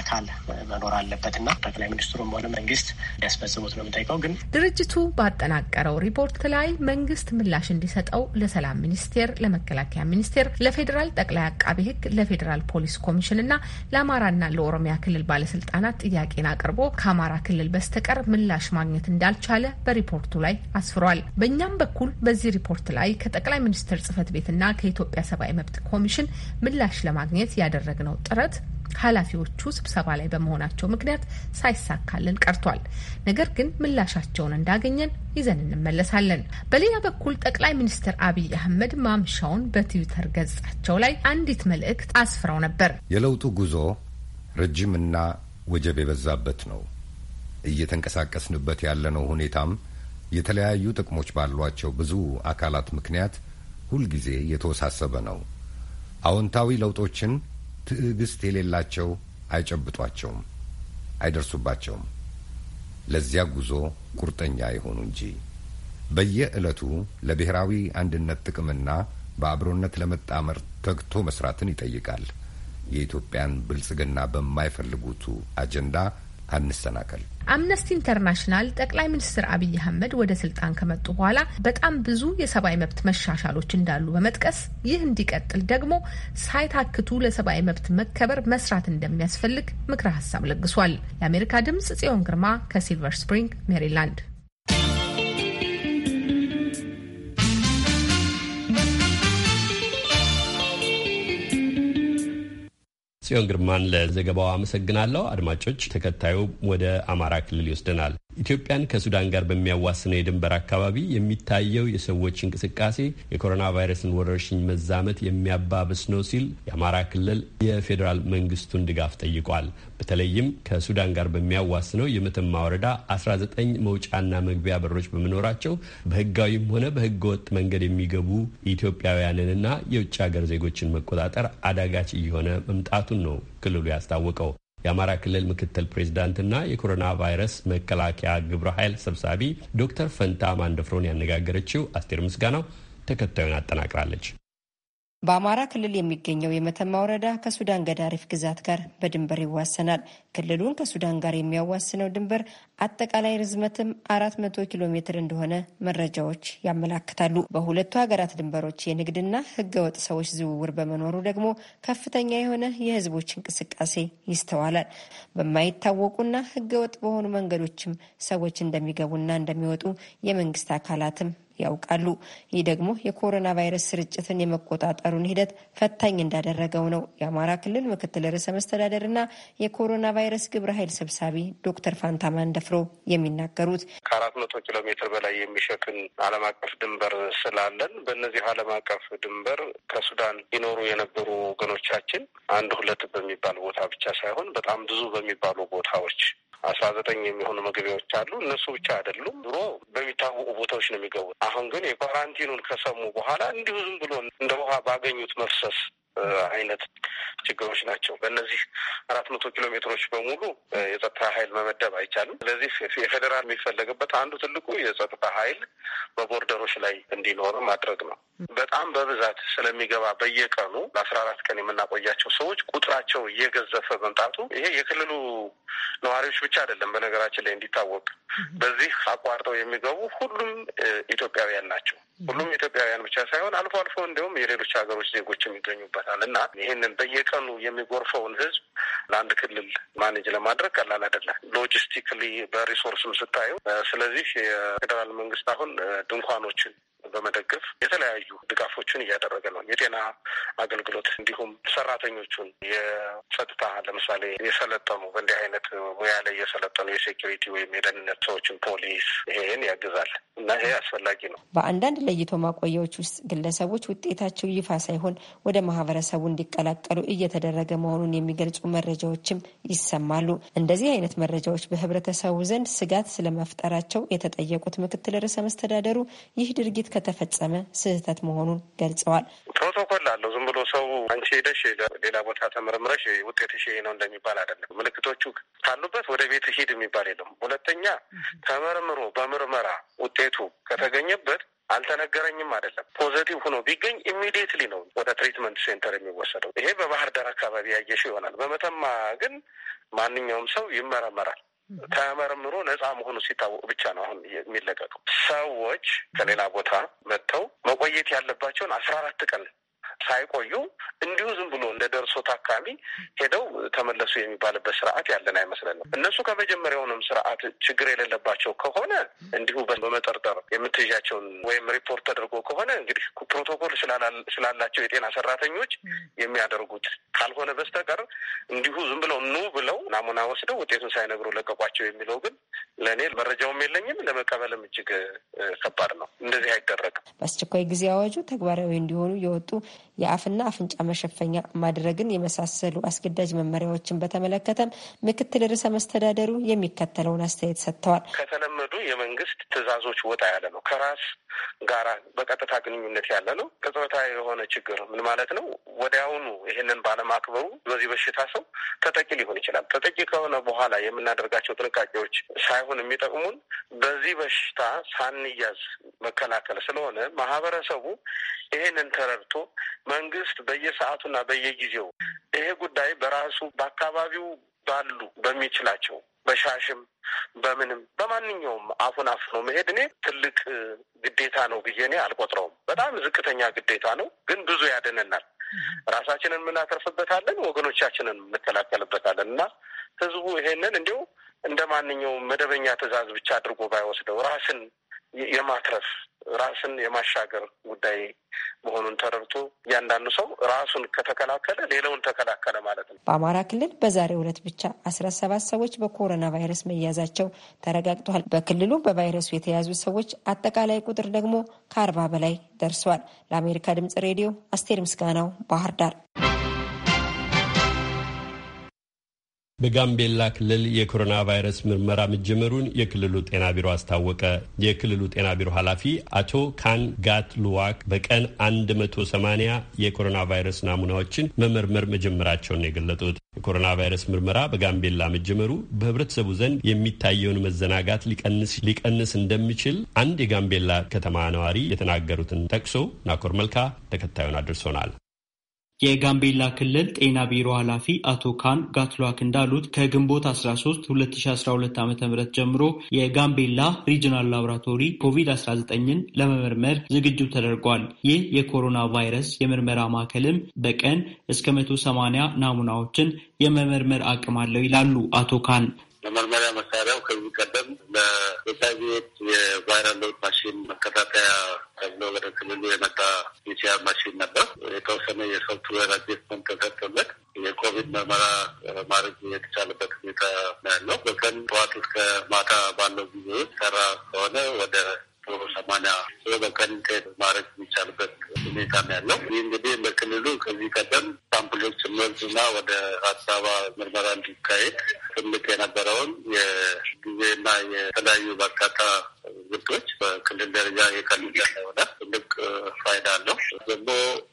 S1: አካል መኖር አለበት እና ጠቅላይ ሚኒስትሩም ሆነ መንግስት ያስፈጽሙት ነው የምንጠይቀው። ግን
S5: ድርጅቱ ባጠናቀረው ሪፖርት ላይ መንግስት ምላሽ እንዲሰጠው ለሰላም ሚኒስቴር፣ ለመከላከያ ሚኒስቴር፣ ለፌዴራል ጠቅላይ አቃቤ ህግ ለፌዴራል ፖሊስ ኮሚሽን እና ለአማራና ለኦሮሚያ ክልል ባለስልጣናት ጥያቄን አቅርቦ ከአማራ ክልል ክልል በስተቀር ምላሽ ማግኘት እንዳልቻለ በሪፖርቱ ላይ አስፍሯል። በእኛም በኩል በዚህ ሪፖርት ላይ ከጠቅላይ ሚኒስትር ጽህፈት ቤትና ከኢትዮጵያ ሰብአዊ መብት ኮሚሽን ምላሽ ለማግኘት ያደረግነው ጥረት ኃላፊዎቹ ስብሰባ ላይ በመሆናቸው ምክንያት ሳይሳካልን ቀርቷል። ነገር ግን ምላሻቸውን እንዳገኘን ይዘን እንመለሳለን። በሌላ በኩል ጠቅላይ ሚኒስትር አብይ አህመድ ማምሻውን በትዊተር ገጻቸው ላይ አንዲት መልእክት አስፍረው ነበር።
S4: የለውጡ ጉዞ ረጅምና ወጀብ የበዛበት ነው። እየተንቀሳቀስንበት ያለነው ሁኔታም የተለያዩ ጥቅሞች ባሏቸው ብዙ አካላት ምክንያት ሁልጊዜ የተወሳሰበ ነው። አዎንታዊ ለውጦችን ትዕግስት የሌላቸው አይጨብጧቸውም፣ አይደርሱባቸውም። ለዚያ ጉዞ ቁርጠኛ የሆኑ እንጂ በየዕለቱ ለብሔራዊ አንድነት ጥቅምና በአብሮነት ለመጣመር ተግቶ መስራትን ይጠይቃል። የኢትዮጵያን ብልጽግና በማይፈልጉቱ አጀንዳ አንሰናከል።
S5: አምነስቲ ኢንተርናሽናል ጠቅላይ ሚኒስትር አብይ አህመድ ወደ ስልጣን ከመጡ በኋላ በጣም ብዙ የሰብአዊ መብት መሻሻሎች እንዳሉ በመጥቀስ ይህ እንዲቀጥል ደግሞ ሳይታክቱ ለሰብአዊ መብት መከበር መስራት እንደሚያስፈልግ ምክረ ሀሳብ ለግሷል። ለአሜሪካ ድምጽ ጽዮን ግርማ ከሲልቨር ስፕሪንግ ሜሪላንድ
S2: ጽዮን ግርማን ለዘገባው አመሰግናለሁ። አድማጮች፣ ተከታዩ ወደ አማራ ክልል ይወስደናል። ኢትዮጵያን ከሱዳን ጋር በሚያዋስነው የድንበር አካባቢ የሚታየው የሰዎች እንቅስቃሴ የኮሮና ቫይረስን ወረርሽኝ መዛመት የሚያባብስ ነው ሲል የአማራ ክልል የፌዴራል መንግስቱን ድጋፍ ጠይቋል። በተለይም ከሱዳን ጋር በሚያዋስነው የመተማ ወረዳ 19 መውጫና መግቢያ በሮች በመኖራቸው በህጋዊም ሆነ በህገ ወጥ መንገድ የሚገቡ ኢትዮጵያውያንንና የውጭ ሀገር ዜጎችን መቆጣጠር አዳጋች እየሆነ መምጣቱን ነው ክልሉ ያስታወቀው። የአማራ ክልል ምክትል ፕሬዚዳንትና የኮሮና ቫይረስ መከላከያ ግብረ ኃይል ሰብሳቢ ዶክተር ፈንታ ማንደፍሮን ያነጋገረችው አስቴር ምስጋናው ተከታዩን አጠናቅራለች።
S6: በአማራ ክልል የሚገኘው የመተማ ወረዳ ከሱዳን ገዳሪፍ ግዛት ጋር በድንበር ይዋሰናል። ክልሉን ከሱዳን ጋር የሚያዋስነው ድንበር አጠቃላይ ርዝመትም አራት መቶ ኪሎ ሜትር እንደሆነ መረጃዎች ያመላክታሉ። በሁለቱ ሀገራት ድንበሮች የንግድና ህገወጥ ሰዎች ዝውውር በመኖሩ ደግሞ ከፍተኛ የሆነ የህዝቦች እንቅስቃሴ ይስተዋላል። በማይታወቁና ህገወጥ በሆኑ መንገዶችም ሰዎች እንደሚገቡና እንደሚወጡ የመንግስት አካላትም ያውቃሉ። ይህ ደግሞ የኮሮና ቫይረስ ስርጭትን የመቆጣጠሩን ሂደት ፈታኝ እንዳደረገው ነው የአማራ ክልል ምክትል ርዕሰ መስተዳደር እና የኮሮና ቫይረስ ግብረ ኃይል ሰብሳቢ ዶክተር ፋንታ ማንደፍሮ የሚናገሩት
S7: ከአራት መቶ ኪሎ ሜትር በላይ የሚሸፍን ዓለም አቀፍ ድንበር ስላለን በእነዚህ ዓለም አቀፍ ድንበር ከሱዳን ይኖሩ የነበሩ ወገኖቻችን አንድ ሁለት በሚባል ቦታ ብቻ ሳይሆን በጣም ብዙ በሚባሉ ቦታዎች አስራ ዘጠኝ የሚሆኑ መግቢያዎች አሉ። እነሱ ብቻ አይደሉም። ድሮ በሚታወቁ ቦታዎች ነው የሚገቡት። አሁን ግን የኳራንቲኑን ከሰሙ በኋላ እንዲሁ ዝም ብሎ እንደ ውሃ ባገኙት መፍሰስ አይነት ችግሮች ናቸው። በእነዚህ አራት መቶ ኪሎ ሜትሮች በሙሉ የጸጥታ ኃይል መመደብ አይቻልም። ስለዚህ የፌዴራል የሚፈለግበት አንዱ ትልቁ የጸጥታ ኃይል በቦርደሮች ላይ እንዲኖር ማድረግ ነው። በጣም በብዛት ስለሚገባ በየቀኑ ለአስራ አራት ቀን የምናቆያቸው ሰዎች ቁጥራቸው እየገዘፈ መምጣቱ ይሄ የክልሉ ነዋሪዎች ብቻ አይደለም። በነገራችን ላይ እንዲታወቅ በዚህ አቋርጠው የሚገቡ ሁሉም ኢትዮጵያውያን ናቸው። ሁሉም ኢትዮጵያውያን ብቻ ሳይሆን አልፎ አልፎ እንዲሁም የሌሎች ሀገሮች ዜጎች የሚገኙበት ይመጣል እና ይህንን በየቀኑ የሚጎርፈውን ህዝብ ለአንድ ክልል ማኔጅ ለማድረግ ቀላል አይደለም፣ ሎጂስቲክሊ በሪሶርስም ስታየው። ስለዚህ የፌደራል መንግስት አሁን ድንኳኖችን በመደገፍ የተለያዩ ድጋፎችን እያደረገ ነው። የጤና አገልግሎት እንዲሁም ሰራተኞቹን የጸጥታ ለምሳሌ የሰለጠኑ በእንዲህ አይነት ሙያ ላይ የሰለጠኑ የሴኪሪቲ ወይም የደህንነት ሰዎችን ፖሊስ ይሄን ያግዛል እና
S6: ይሄ አስፈላጊ ነው። በአንዳንድ ለይቶ ማቆያዎች ውስጥ ግለሰቦች ውጤታቸው ይፋ ሳይሆን ወደ ማህበር ማህበረሰቡ እንዲቀላቀሉ እየተደረገ መሆኑን የሚገልጹ መረጃዎችም ይሰማሉ። እንደዚህ አይነት መረጃዎች በህብረተሰቡ ዘንድ ስጋት ስለመፍጠራቸው የተጠየቁት ምክትል ርዕሰ መስተዳደሩ ይህ ድርጊት ከተፈጸመ ስህተት መሆኑን ገልጸዋል።
S7: ፕሮቶኮል አለው። ዝም ብሎ ሰው አንቺ ሄደሽ ሌላ ቦታ ተመርምረሽ ውጤትሽ ይሄ ነው እንደሚባል አይደለም። ምልክቶቹ ካሉበት ወደ ቤት ሂድ የሚባል የለም። ሁለተኛ ተመርምሮ በምርመራ ውጤቱ ከተገኘበት አልተነገረኝም አይደለም። ፖዘቲቭ ሆኖ ቢገኝ ኢሚዲየትሊ ነው ወደ ትሪትመንት ሴንተር የሚወሰደው። ይሄ በባህር ዳር አካባቢ ያየሽው ይሆናል። በመተማ ግን ማንኛውም ሰው ይመረመራል። ተመርምሮ ነፃ መሆኑ ሲታወቅ ብቻ ነው አሁን የሚለቀቀው። ሰዎች ከሌላ ቦታ መጥተው መቆየት ያለባቸውን አስራ አራት ቀን ሳይቆዩ እንዲሁ ዝም ብሎ እንደ ደርሶ ታካሚ ሄደው ተመለሱ የሚባልበት ስርዓት ያለን አይመስለንም። እነሱ ከመጀመሪያውንም ስርዓት ችግር የሌለባቸው ከሆነ እንዲሁ በመጠርጠር የምትይዣቸውን ወይም ሪፖርት ተደርጎ ከሆነ እንግዲህ ፕሮቶኮል ስላላቸው የጤና ሰራተኞች የሚያደርጉት ካልሆነ በስተቀር እንዲሁ ዝም ብለው ኑ ብለው ናሙና ወስደው ውጤቱን ሳይነግሩ ለቀቋቸው የሚለው ግን ለእኔ መረጃውም የለኝም ለመቀበልም እጅግ ከባድ ነው።
S6: እንደዚህ አይደረግም። በአስቸኳይ ጊዜ አዋጁ ተግባራዊ እንዲሆኑ የወጡ የአፍና አፍንጫ መሸፈኛ ማድረግን የመሳሰሉ አስገዳጅ መመሪያዎችን በተመለከተም ምክትል ርዕሰ መስተዳደሩ የሚከተለውን አስተያየት ሰጥተዋል።
S7: ከተለመዱ የመንግስት ትዕዛዞች ወጣ ያለ ነው። ከራስ ጋራ በቀጥታ ግንኙነት ያለ ነው። ቅጽበታዊ የሆነ ችግር ምን ማለት ነው? ወዲያውኑ ይህንን ባለማክበሩ በዚህ በሽታ ሰው ተጠቂ ሊሆን ይችላል። ተጠቂ ከሆነ በኋላ የምናደርጋቸው ጥንቃቄዎች ሳይሆን የሚጠቅሙን በዚህ በሽታ ሳንያዝ መከላከል ስለሆነ ማህበረሰቡ ይህንን ተረድቶ መንግስት በየሰዓቱና በየጊዜው ይሄ ጉዳይ በራሱ በአካባቢው ባሉ በሚችላቸው በሻሽም በምንም በማንኛውም አፉን አፍኖ መሄድ እኔ ትልቅ ግዴታ ነው ብዬ እኔ አልቆጥረውም። በጣም ዝቅተኛ ግዴታ ነው፣ ግን ብዙ ያደነናል። ራሳችንን የምናተርፍበታለን፣ ወገኖቻችንን የምንከላከልበታለን እና ህዝቡ ይሄንን እንዲሁ እንደ ማንኛውም መደበኛ ትዕዛዝ ብቻ አድርጎ ባይወስደው ራስን የማትረፍ ራስን የማሻገር ጉዳይ መሆኑን ተረድቶ እያንዳንዱ ሰው ራሱን ከተከላከለ ሌላውን ተከላከለ
S6: ማለት ነው። በአማራ ክልል በዛሬው ዕለት ብቻ አስራ ሰባት ሰዎች በኮሮና ቫይረስ መያዛቸው ተረጋግጧል። በክልሉ በቫይረሱ የተያዙ ሰዎች አጠቃላይ ቁጥር ደግሞ ከአርባ በላይ ደርሷል። ለአሜሪካ ድምጽ ሬዲዮ አስቴር ምስጋናው ባህር ዳር
S2: በጋምቤላ ክልል የኮሮና ቫይረስ ምርመራ መጀመሩን የክልሉ ጤና ቢሮ አስታወቀ። የክልሉ ጤና ቢሮ ኃላፊ አቶ ካን ጋት ሉዋክ በቀን 180 የኮሮና ቫይረስ ናሙናዎችን መመርመር መጀመራቸውን የገለጡት የኮሮና ቫይረስ ምርመራ በጋምቤላ መጀመሩ በህብረተሰቡ ዘንድ የሚታየውን መዘናጋት ሊቀንስ ሊቀንስ እንደሚችል አንድ የጋምቤላ ከተማ ነዋሪ የተናገሩትን ጠቅሶ ናኮር መልካ ተከታዩን አድርሶናል።
S8: የጋምቤላ ክልል ጤና ቢሮ ኃላፊ አቶ ካን ጋትሏክ እንዳሉት ከግንቦት 13 2012 ዓ ም ጀምሮ የጋምቤላ ሪጅናል ላቦራቶሪ ኮቪድ-19ን ለመመርመር ዝግጁ ተደርጓል። ይህ የኮሮና ቫይረስ የምርመራ ማዕከልም በቀን እስከ 180 ናሙናዎችን የመመርመር አቅም አለው ይላሉ አቶ ካን። መመርመሪያ መሳሪያው ከዚህ ቀደም ለኤች የቫይራል ሎድ ማሽን መከታተያ ተብሎ ወደ
S9: ክልሉ የመጣ ፒሲአር ማሽን ነበር። የተወሰነ የሶፍትዌር አጀስትመንት ተሰጥቶለት የኮቪድ ምርመራ ማድረግ የተቻለበት ሁኔታ ያለው በቀን ጠዋት እስከ ማታ ባለው ጊዜ ሰራ ከሆነ ወደ ዶሮ ሰማንያ በቀን ቴስት ማድረግ የሚቻልበት ሁኔታ ነው ያለው። ይህ እንግዲህ በክልሉ ከዚህ ቀደም ሳምፕሎች መርዝና ወደ አዲስ አበባ ምርመራ እንዲካሄድ ትልቅ የነበረውን የጊዜና የተለያዩ በርካታ ውጦች በክልል ደረጃ የቀለለ የሆነ ትልቅ ፋይዳ አለው። ደግሞ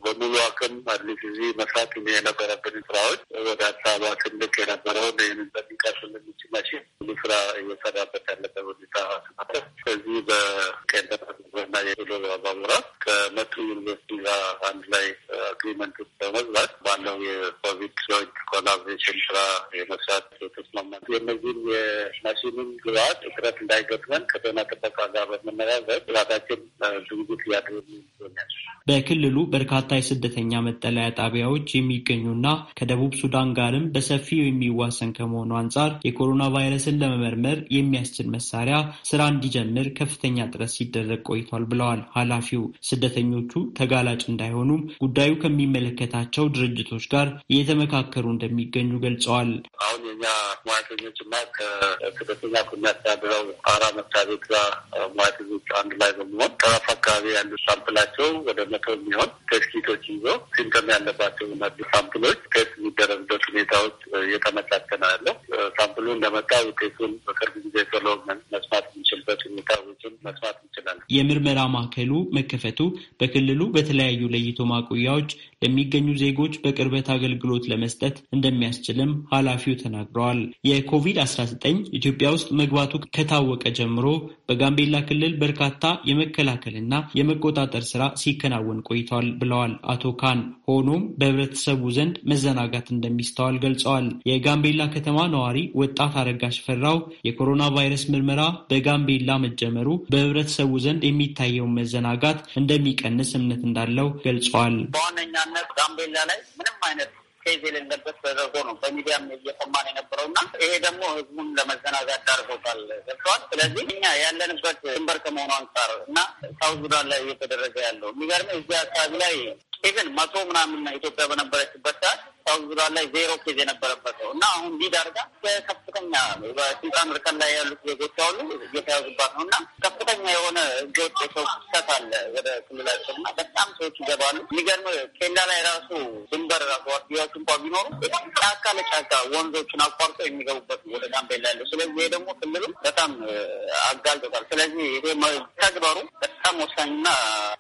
S9: በሙሉ አቅም አድሊት እዚህ መስራት የነበረብን ስራዎች ወደ አዲስ አበባ ትልቅ የነበረውን ይህንን በሚቀርል የሚችላሽ ሙሉ ስራ እየሰራበት ያለበት ሁኔታ ስማለት በማምራት ከመቱ ዩኒቨርሲቲ ጋር አንድ ላይ አግሪመንት uh, በመግባት ባለው የኮቪድ ሰዎች ኮላብሬሽን ስራ የመስራት ተስማማ። የነዚህም የማሽንም ግብአት እጥረት እንዳይገጥመን ከጤና ጥበቃ ጋር በመነጋገር ስራታችን ዝግጅት ሊያደርግ
S8: ይገኛል። በክልሉ በርካታ የስደተኛ መጠለያ ጣቢያዎች የሚገኙና ከደቡብ ሱዳን ጋርም በሰፊው የሚዋሰን ከመሆኑ አንጻር የኮሮና ቫይረስን ለመመርመር የሚያስችል መሳሪያ ስራ እንዲጀምር ከፍተኛ ጥረት ሲደረግ ቆይቷል ብለዋል ኃላፊው። ስደተኞቹ ተጋላጭ እንዳይሆኑም ጉዳዩ ከሚመለከታቸው ድርጅት ድርጅቶች ጋር እየተመካከሩ እንደሚገኙ ገልጸዋል። አሁን የኛ
S9: ሙያተኞች እና ከስደተኛ ከሚያስተዳድረው አራ መስሪያ ቤት ጋር ሙያተኞች አንድ ላይ በመሆን ጠረፍ አካባቢ ያሉ ሳምፕላቸው ወደ መቶ የሚሆን ቴስኪቶች ይዞ ሲምተም ያለባቸው ሳምፕሎች ቴስት የሚደረግበት ሁኔታዎች እየተመቻቸነ ያለ ሳምፕሉ እንደመጣ ውጤቱን በቅርብ ጊዜ ቶሎ መስማት የሚችልበት ሁኔታዎችን መስማት
S8: እንችላለን። የምርመራ ማዕከሉ መከፈቱ በክልሉ በተለያዩ ለይቶ ማቆያዎች የሚገኙ ዜጎች በቅርበት አገልግሎት ለመስጠት እንደሚያስችልም ኃላፊው ተናግረዋል። የኮቪድ-19 ኢትዮጵያ ውስጥ መግባቱ ከታወቀ ጀምሮ በጋምቤላ ክልል በርካታ የመከላከልና የመቆጣጠር ስራ ሲከናወን ቆይተዋል ብለዋል አቶ ካን። ሆኖም በህብረተሰቡ ዘንድ መዘናጋት እንደሚስተዋል ገልጸዋል። የጋምቤላ ከተማ ነዋሪ ወጣት አረጋሽ ፈራው የኮሮና ቫይረስ ምርመራ በጋምቤላ መጀመሩ በህብረተሰቡ ዘንድ የሚታየውን መዘናጋት እንደሚቀንስ እምነት እንዳለው ገልጸዋል።
S9: እነ ጋምቤላ ላይ ምንም አይነት ኬዝ የሌለበት ተደርጎ ነው በሚዲያም እየሰማን የነበረው እና ይሄ ደግሞ ህዝቡን ለመዘናጋት ዳርጎታል ገብተዋል። ስለዚህ እኛ ያለንበት ድንበር ከመሆኑ አንጻር እና ሳውዝ ሱዳን ላይ እየተደረገ ያለው የሚገርም እዚህ አካባቢ ላይ ኢቨን መቶ ምናምን ኢትዮጵያ በነበረችበት ሰዓት ሳውዝ ሱዳን ላይ ዜሮ ኬዝ የነበረበት ነው እና አሁን ሊድ አድርጋ ከፍተኛ በስልጣን እርከን ላይ ያሉት ዜጎች ሁሉ እየተያዙባት ነው እና ከፍተኛ የሆነ ህገወጥ የሰው ፍሰት አለ ወደ ክልላቸው እና በጣም ሰዎች ይገባሉ። የሚገርመው ኬንዳ ላይ ራሱ ድንበር ራሱ ዋርዲያዎች እንኳ ቢኖሩ ጫካ ለጫካ ወንዞችን አቋርጠው የሚገቡበት ወደ ጋምቤላ ያለው። ስለዚህ ይሄ ደግሞ ክልሉ በጣም አጋልጦታል።
S8: ስለዚህ ይሄ ተግባሩ በጣም ወሳኝና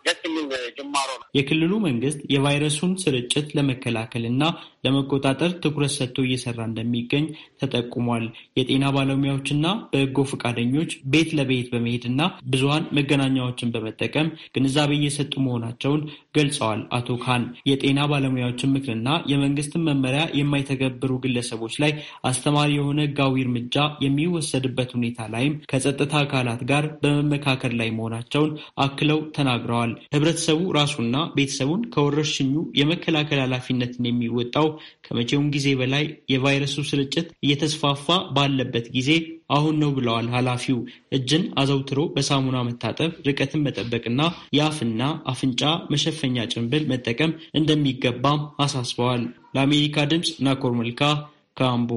S8: ደስ የሚል ጅማሮ ነው። የክልሉ መንግስት የቫይረሱን ስርጭት ለመከላከል ለመከላከልና ለመቆጣጠር ትኩረት ሰጥቶ እየሰራ እንደሚገኝ ተጠቁሟል። የጤና ባለሙያዎችና በጎ ፈቃደኞች ቤት ለቤት በመሄድና ብዙሀን መገናኛዎችን በመጠቀም ግንዛቤ እየሰጡ መሆናቸውን ገልጸዋል። አቶ ካን የጤና ባለሙያዎችን ምክርና የመንግስትን መመሪያ የማይተገብሩ ግለሰቦች ላይ አስተማሪ የሆነ ህጋዊ እርምጃ የሚወሰድበት ሁኔታ ላይም ከጸጥታ አካላት ጋር በመመካከል ላይ መሆናቸውን አክለው ተናግረዋል። ህብረተሰቡ ራሱና ቤተሰቡን ከወረርሽኙ የመከላከል ኃላፊነትን የሚወጣው ከመቼውም ጊዜ በላይ የቫይረሱ ስርጭት እየተስፋፋ ባለበት ጊዜ አሁን ነው ብለዋል ኃላፊው። እጅን አዘውትሮ በሳሙና መታጠብ፣ ርቀትን መጠበቅና የአፍና አፍንጫ መሸፈኛ ጭንብል መጠቀም እንደሚገባም አሳስበዋል። ለአሜሪካ ድምፅ ናኮር መልካ ካምቦ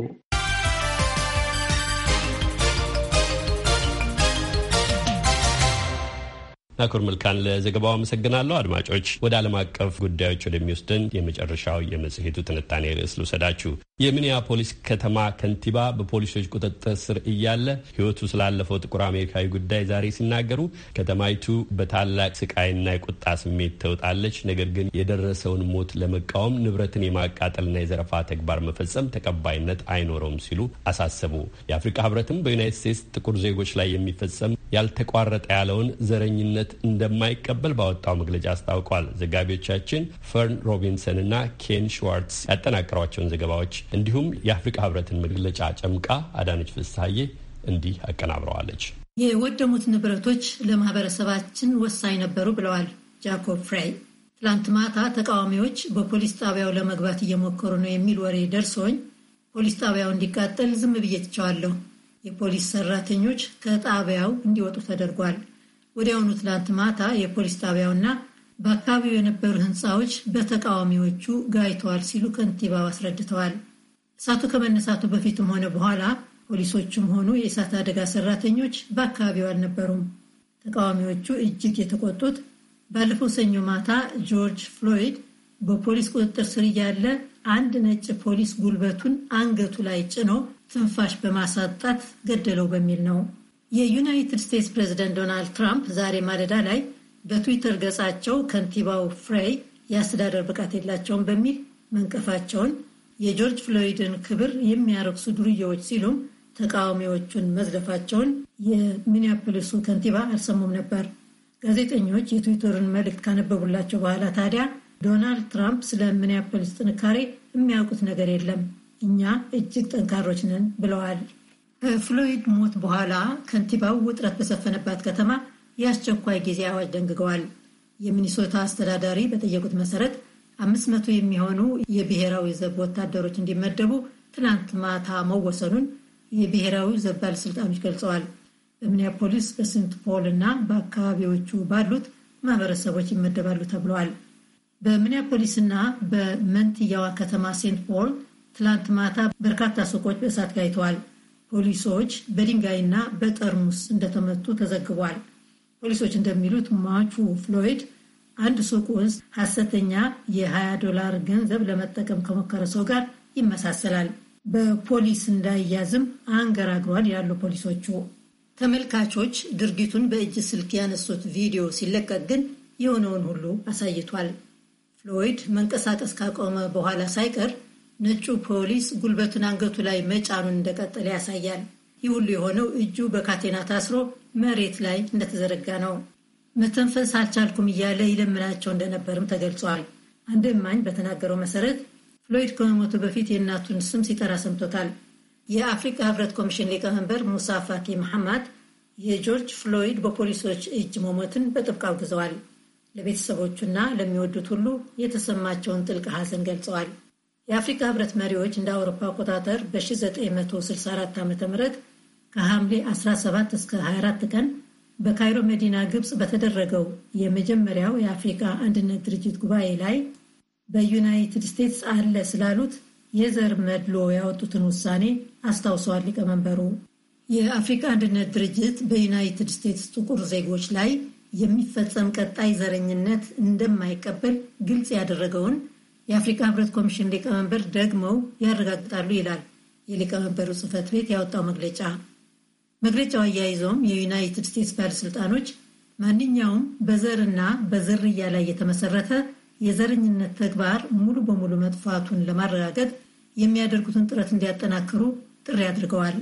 S2: ናኮር መልካን ለዘገባው አመሰግናለሁ። አድማጮች ወደ ዓለም አቀፍ ጉዳዮች ወደሚወስደን የመጨረሻው የመጽሔቱ ትንታኔ ርዕስ ልውሰዳችሁ። የሚኒያፖሊስ ከተማ ከንቲባ በፖሊሶች ቁጥጥር ስር እያለ ሕይወቱ ስላለፈው ጥቁር አሜሪካዊ ጉዳይ ዛሬ ሲናገሩ ከተማይቱ በታላቅ ስቃይና የቁጣ ስሜት ተውጣለች፣ ነገር ግን የደረሰውን ሞት ለመቃወም ንብረትን የማቃጠልና የዘረፋ ተግባር መፈጸም ተቀባይነት አይኖረውም ሲሉ አሳሰቡ። የአፍሪካ ሕብረትም በዩናይት ስቴትስ ጥቁር ዜጎች ላይ የሚፈጸም ያልተቋረጠ ያለውን ዘረኝነት በእምነት እንደማይቀበል ባወጣው መግለጫ አስታውቋል። ዘጋቢዎቻችን ፈርን ሮቢንሰን እና ኬን ሽዋርትስ ያጠናቀሯቸውን ዘገባዎች እንዲሁም የአፍሪካ ህብረትን መግለጫ ጨምቃ አዳነች ፍስሐዬ እንዲህ አቀናብረዋለች።
S10: የወደሙት ንብረቶች ለማህበረሰባችን ወሳኝ ነበሩ ብለዋል ጃኮብ ፍራይ። ትላንት ማታ ተቃዋሚዎች በፖሊስ ጣቢያው ለመግባት እየሞከሩ ነው የሚል ወሬ ደርሶኝ ፖሊስ ጣቢያው እንዲቃጠል ዝም ብዬ ትቸዋለሁ። የፖሊስ ሰራተኞች ከጣቢያው እንዲወጡ ተደርጓል። ወዲያውኑ ትላንት ማታ የፖሊስ ጣቢያውና በአካባቢው የነበሩ ሕንፃዎች በተቃዋሚዎቹ ጋይተዋል ሲሉ ከንቲባው አስረድተዋል። እሳቱ ከመነሳቱ በፊትም ሆነ በኋላ ፖሊሶቹም ሆኑ የእሳት አደጋ ሰራተኞች በአካባቢው አልነበሩም። ተቃዋሚዎቹ እጅግ የተቆጡት ባለፈው ሰኞ ማታ ጆርጅ ፍሎይድ በፖሊስ ቁጥጥር ስር እያለ አንድ ነጭ ፖሊስ ጉልበቱን አንገቱ ላይ ጭኖ ትንፋሽ በማሳጣት ገደለው በሚል ነው። የዩናይትድ ስቴትስ ፕሬዚደንት ዶናልድ ትራምፕ ዛሬ ማለዳ ላይ በትዊተር ገጻቸው ከንቲባው ፍሬይ የአስተዳደር ብቃት የላቸውም በሚል መንቀፋቸውን የጆርጅ ፍሎይድን ክብር የሚያረክሱ ዱርዬዎች ሲሉም ተቃዋሚዎቹን መዝለፋቸውን የሚኒያፖሊሱ ከንቲባ አልሰሙም ነበር። ጋዜጠኞች የትዊተሩን መልእክት ካነበቡላቸው በኋላ ታዲያ ዶናልድ ትራምፕ ስለ ሚኒያፖሊስ ጥንካሬ የሚያውቁት ነገር የለም፣ እኛ እጅግ ጠንካሮች ነን ብለዋል። ከፍሎይድ ሞት በኋላ ከንቲባው ውጥረት በሰፈነባት ከተማ የአስቸኳይ ጊዜ አዋጅ ደንግገዋል። የሚኒሶታ አስተዳዳሪ በጠየቁት መሰረት አምስት መቶ የሚሆኑ የብሔራዊ ዘብ ወታደሮች እንዲመደቡ ትናንት ማታ መወሰኑን የብሔራዊ ዘብ ባለስልጣኖች ገልጸዋል። በሚኒያፖሊስ በስንት ፖል እና በአካባቢዎቹ ባሉት ማህበረሰቦች ይመደባሉ ተብለዋል። በሚኒያፖሊስ እና በመንትያዋ ከተማ ሴንት ፖል ትላንት ማታ በርካታ ሱቆች በእሳት ጋይተዋል። ፖሊሶች በድንጋይና በጠርሙስ እንደተመቱ ተዘግቧል። ፖሊሶች እንደሚሉት ማቹ ፍሎይድ አንድ ሱቅ ውስጥ ሐሰተኛ የ20 ዶላር ገንዘብ ለመጠቀም ከሞከረ ሰው ጋር ይመሳሰላል። በፖሊስ እንዳይያዝም አንገራግሯል ያሉ ፖሊሶቹ። ተመልካቾች ድርጊቱን በእጅ ስልክ ያነሱት ቪዲዮ ሲለቀቅ ግን የሆነውን ሁሉ አሳይቷል። ፍሎይድ መንቀሳቀስ ካቆመ በኋላ ሳይቀር ነጩ ፖሊስ ጉልበቱን አንገቱ ላይ መጫኑን እንደቀጠለ ያሳያል። ይህ ሁሉ የሆነው እጁ በካቴና ታስሮ መሬት ላይ እንደተዘረጋ ነው። መተንፈስ አልቻልኩም እያለ ይለምናቸው እንደነበርም ተገልጿል። አንድ እማኝ በተናገረው መሰረት ፍሎይድ ከመሞቱ በፊት የእናቱን ስም ሲጠራ ሰምቶታል። የአፍሪካ ህብረት ኮሚሽን ሊቀመንበር ሙሳ ፋኪ መሐማት የጆርጅ ፍሎይድ በፖሊሶች እጅ መሞትን በጥብቅ አውግዘዋል። ለቤተሰቦቹና ለሚወዱት ሁሉ የተሰማቸውን ጥልቅ ሐዘን ገልጸዋል። የአፍሪካ ህብረት መሪዎች እንደ አውሮፓ አቆጣጠር በ1964 ዓ ም ከሐምሌ 17 እስከ 24 ቀን በካይሮ መዲና ግብፅ በተደረገው የመጀመሪያው የአፍሪካ አንድነት ድርጅት ጉባኤ ላይ በዩናይትድ ስቴትስ አለ ስላሉት የዘር መድሎ ያወጡትን ውሳኔ አስታውሰዋል። ሊቀመንበሩ የአፍሪካ አንድነት ድርጅት በዩናይትድ ስቴትስ ጥቁር ዜጎች ላይ የሚፈጸም ቀጣይ ዘረኝነት እንደማይቀበል ግልጽ ያደረገውን የአፍሪካ ህብረት ኮሚሽን ሊቀመንበር ደግመው ያረጋግጣሉ ይላል የሊቀመንበሩ ጽህፈት ቤት ያወጣው መግለጫ። መግለጫው አያይዘውም የዩናይትድ ስቴትስ ባለሥልጣኖች ማንኛውም በዘርና በዝርያ ላይ የተመሰረተ የዘረኝነት ተግባር ሙሉ በሙሉ መጥፋቱን ለማረጋገጥ የሚያደርጉትን ጥረት እንዲያጠናክሩ ጥሪ አድርገዋል።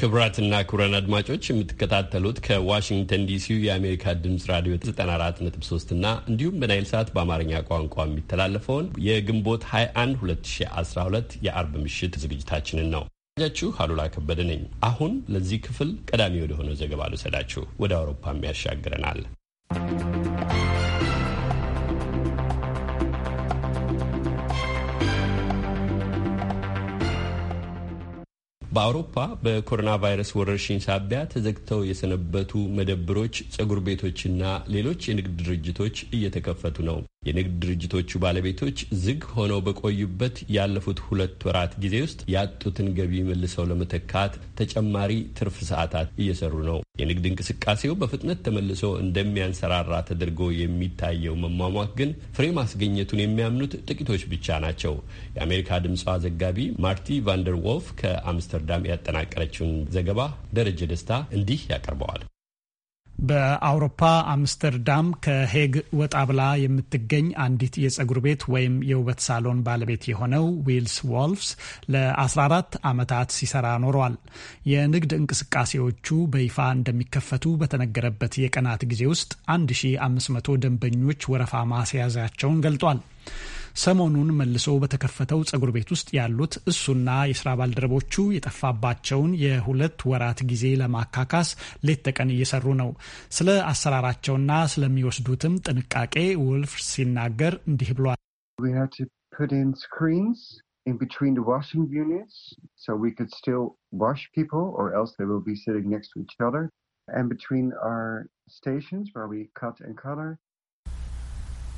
S2: ክቡራትና ክቡራን አድማጮች የምትከታተሉት ከዋሽንግተን ዲሲው የአሜሪካ ድምጽ ራዲዮ 94.3 እና እንዲሁም በናይል ሰዓት በአማርኛ ቋንቋ የሚተላለፈውን የግንቦት 21 2012 የአርብ ምሽት ዝግጅታችንን ነው። ጃችሁ አሉላ ከበደ ነኝ። አሁን ለዚህ ክፍል ቀዳሚ ወደሆነው ዘገባ ልውሰዳችሁ። ወደ አውሮፓም ያሻግረናል። በአውሮፓ በኮሮና ቫይረስ ወረርሽኝ ሳቢያ ተዘግተው የሰነበቱ መደብሮች፣ ጸጉር ቤቶችና ሌሎች የንግድ ድርጅቶች እየተከፈቱ ነው። የንግድ ድርጅቶቹ ባለቤቶች ዝግ ሆነው በቆዩበት ያለፉት ሁለት ወራት ጊዜ ውስጥ ያጡትን ገቢ መልሰው ለመተካት ተጨማሪ ትርፍ ሰዓታት እየሰሩ ነው። የንግድ እንቅስቃሴው በፍጥነት ተመልሶ እንደሚያንሰራራ ተደርጎ የሚታየው መሟሟት ግን ፍሬ ማስገኘቱን የሚያምኑት ጥቂቶች ብቻ ናቸው። የአሜሪካ ድምፅ ዘጋቢ ማርቲ ቫንደር ዎልፍ ከአምስተርዳም ያጠናቀረችውን ዘገባ ደረጀ ደስታ እንዲህ ያቀርበዋል።
S11: በአውሮፓ አምስተርዳም ከሄግ ወጣ ብላ የምትገኝ አንዲት የጸጉር ቤት ወይም የውበት ሳሎን ባለቤት የሆነው ዊልስ ዎልፍስ ለ14 ዓመታት ሲሰራ ኖሯል። የንግድ እንቅስቃሴዎቹ በይፋ እንደሚከፈቱ በተነገረበት የቀናት ጊዜ ውስጥ 1500 ደንበኞች ወረፋ ማስያዛቸውን ገልጧል። ሰሞኑን መልሶ በተከፈተው ጸጉር ቤት ውስጥ ያሉት እሱና የስራ ባልደረቦቹ የጠፋባቸውን የሁለት ወራት ጊዜ ለማካካስ ሌት ተቀን እየሰሩ ነው። ስለ አሰራራቸውና ስለሚወስዱትም ጥንቃቄ ውልፍ ሲናገር እንዲህ ብሏል።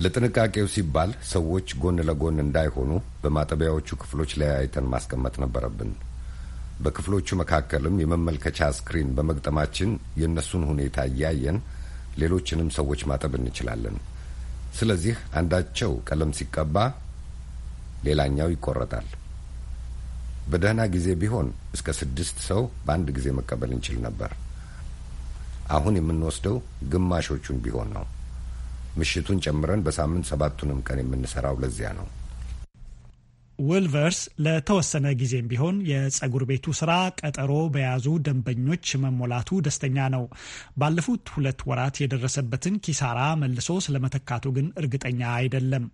S4: ለጥንቃቄው ሲባል ሰዎች ጎን ለጎን እንዳይሆኑ በማጠቢያዎቹ ክፍሎች ለያይተን ማስቀመጥ ነበረብን። በክፍሎቹ መካከልም የመመልከቻ ስክሪን በመግጠማችን የእነሱን ሁኔታ እያየን ሌሎችንም ሰዎች ማጠብ እንችላለን። ስለዚህ አንዳቸው ቀለም ሲቀባ ሌላኛው ይቆረጣል። በደህና ጊዜ ቢሆን እስከ ስድስት ሰው በአንድ ጊዜ መቀበል እንችል ነበር። አሁን የምንወስደው ግማሾቹን ቢሆን ነው። ምሽቱን ጨምረን በሳምንት ሰባቱንም ቀን የምንሰራው ለዚያ ነው።
S11: ውልቨርስ ለተወሰነ ጊዜም ቢሆን የጸጉር ቤቱ ስራ ቀጠሮ በያዙ ደንበኞች መሞላቱ ደስተኛ ነው። ባለፉት ሁለት ወራት የደረሰበትን ኪሳራ መልሶ ስለመተካቱ ግን እርግጠኛ አይደለም።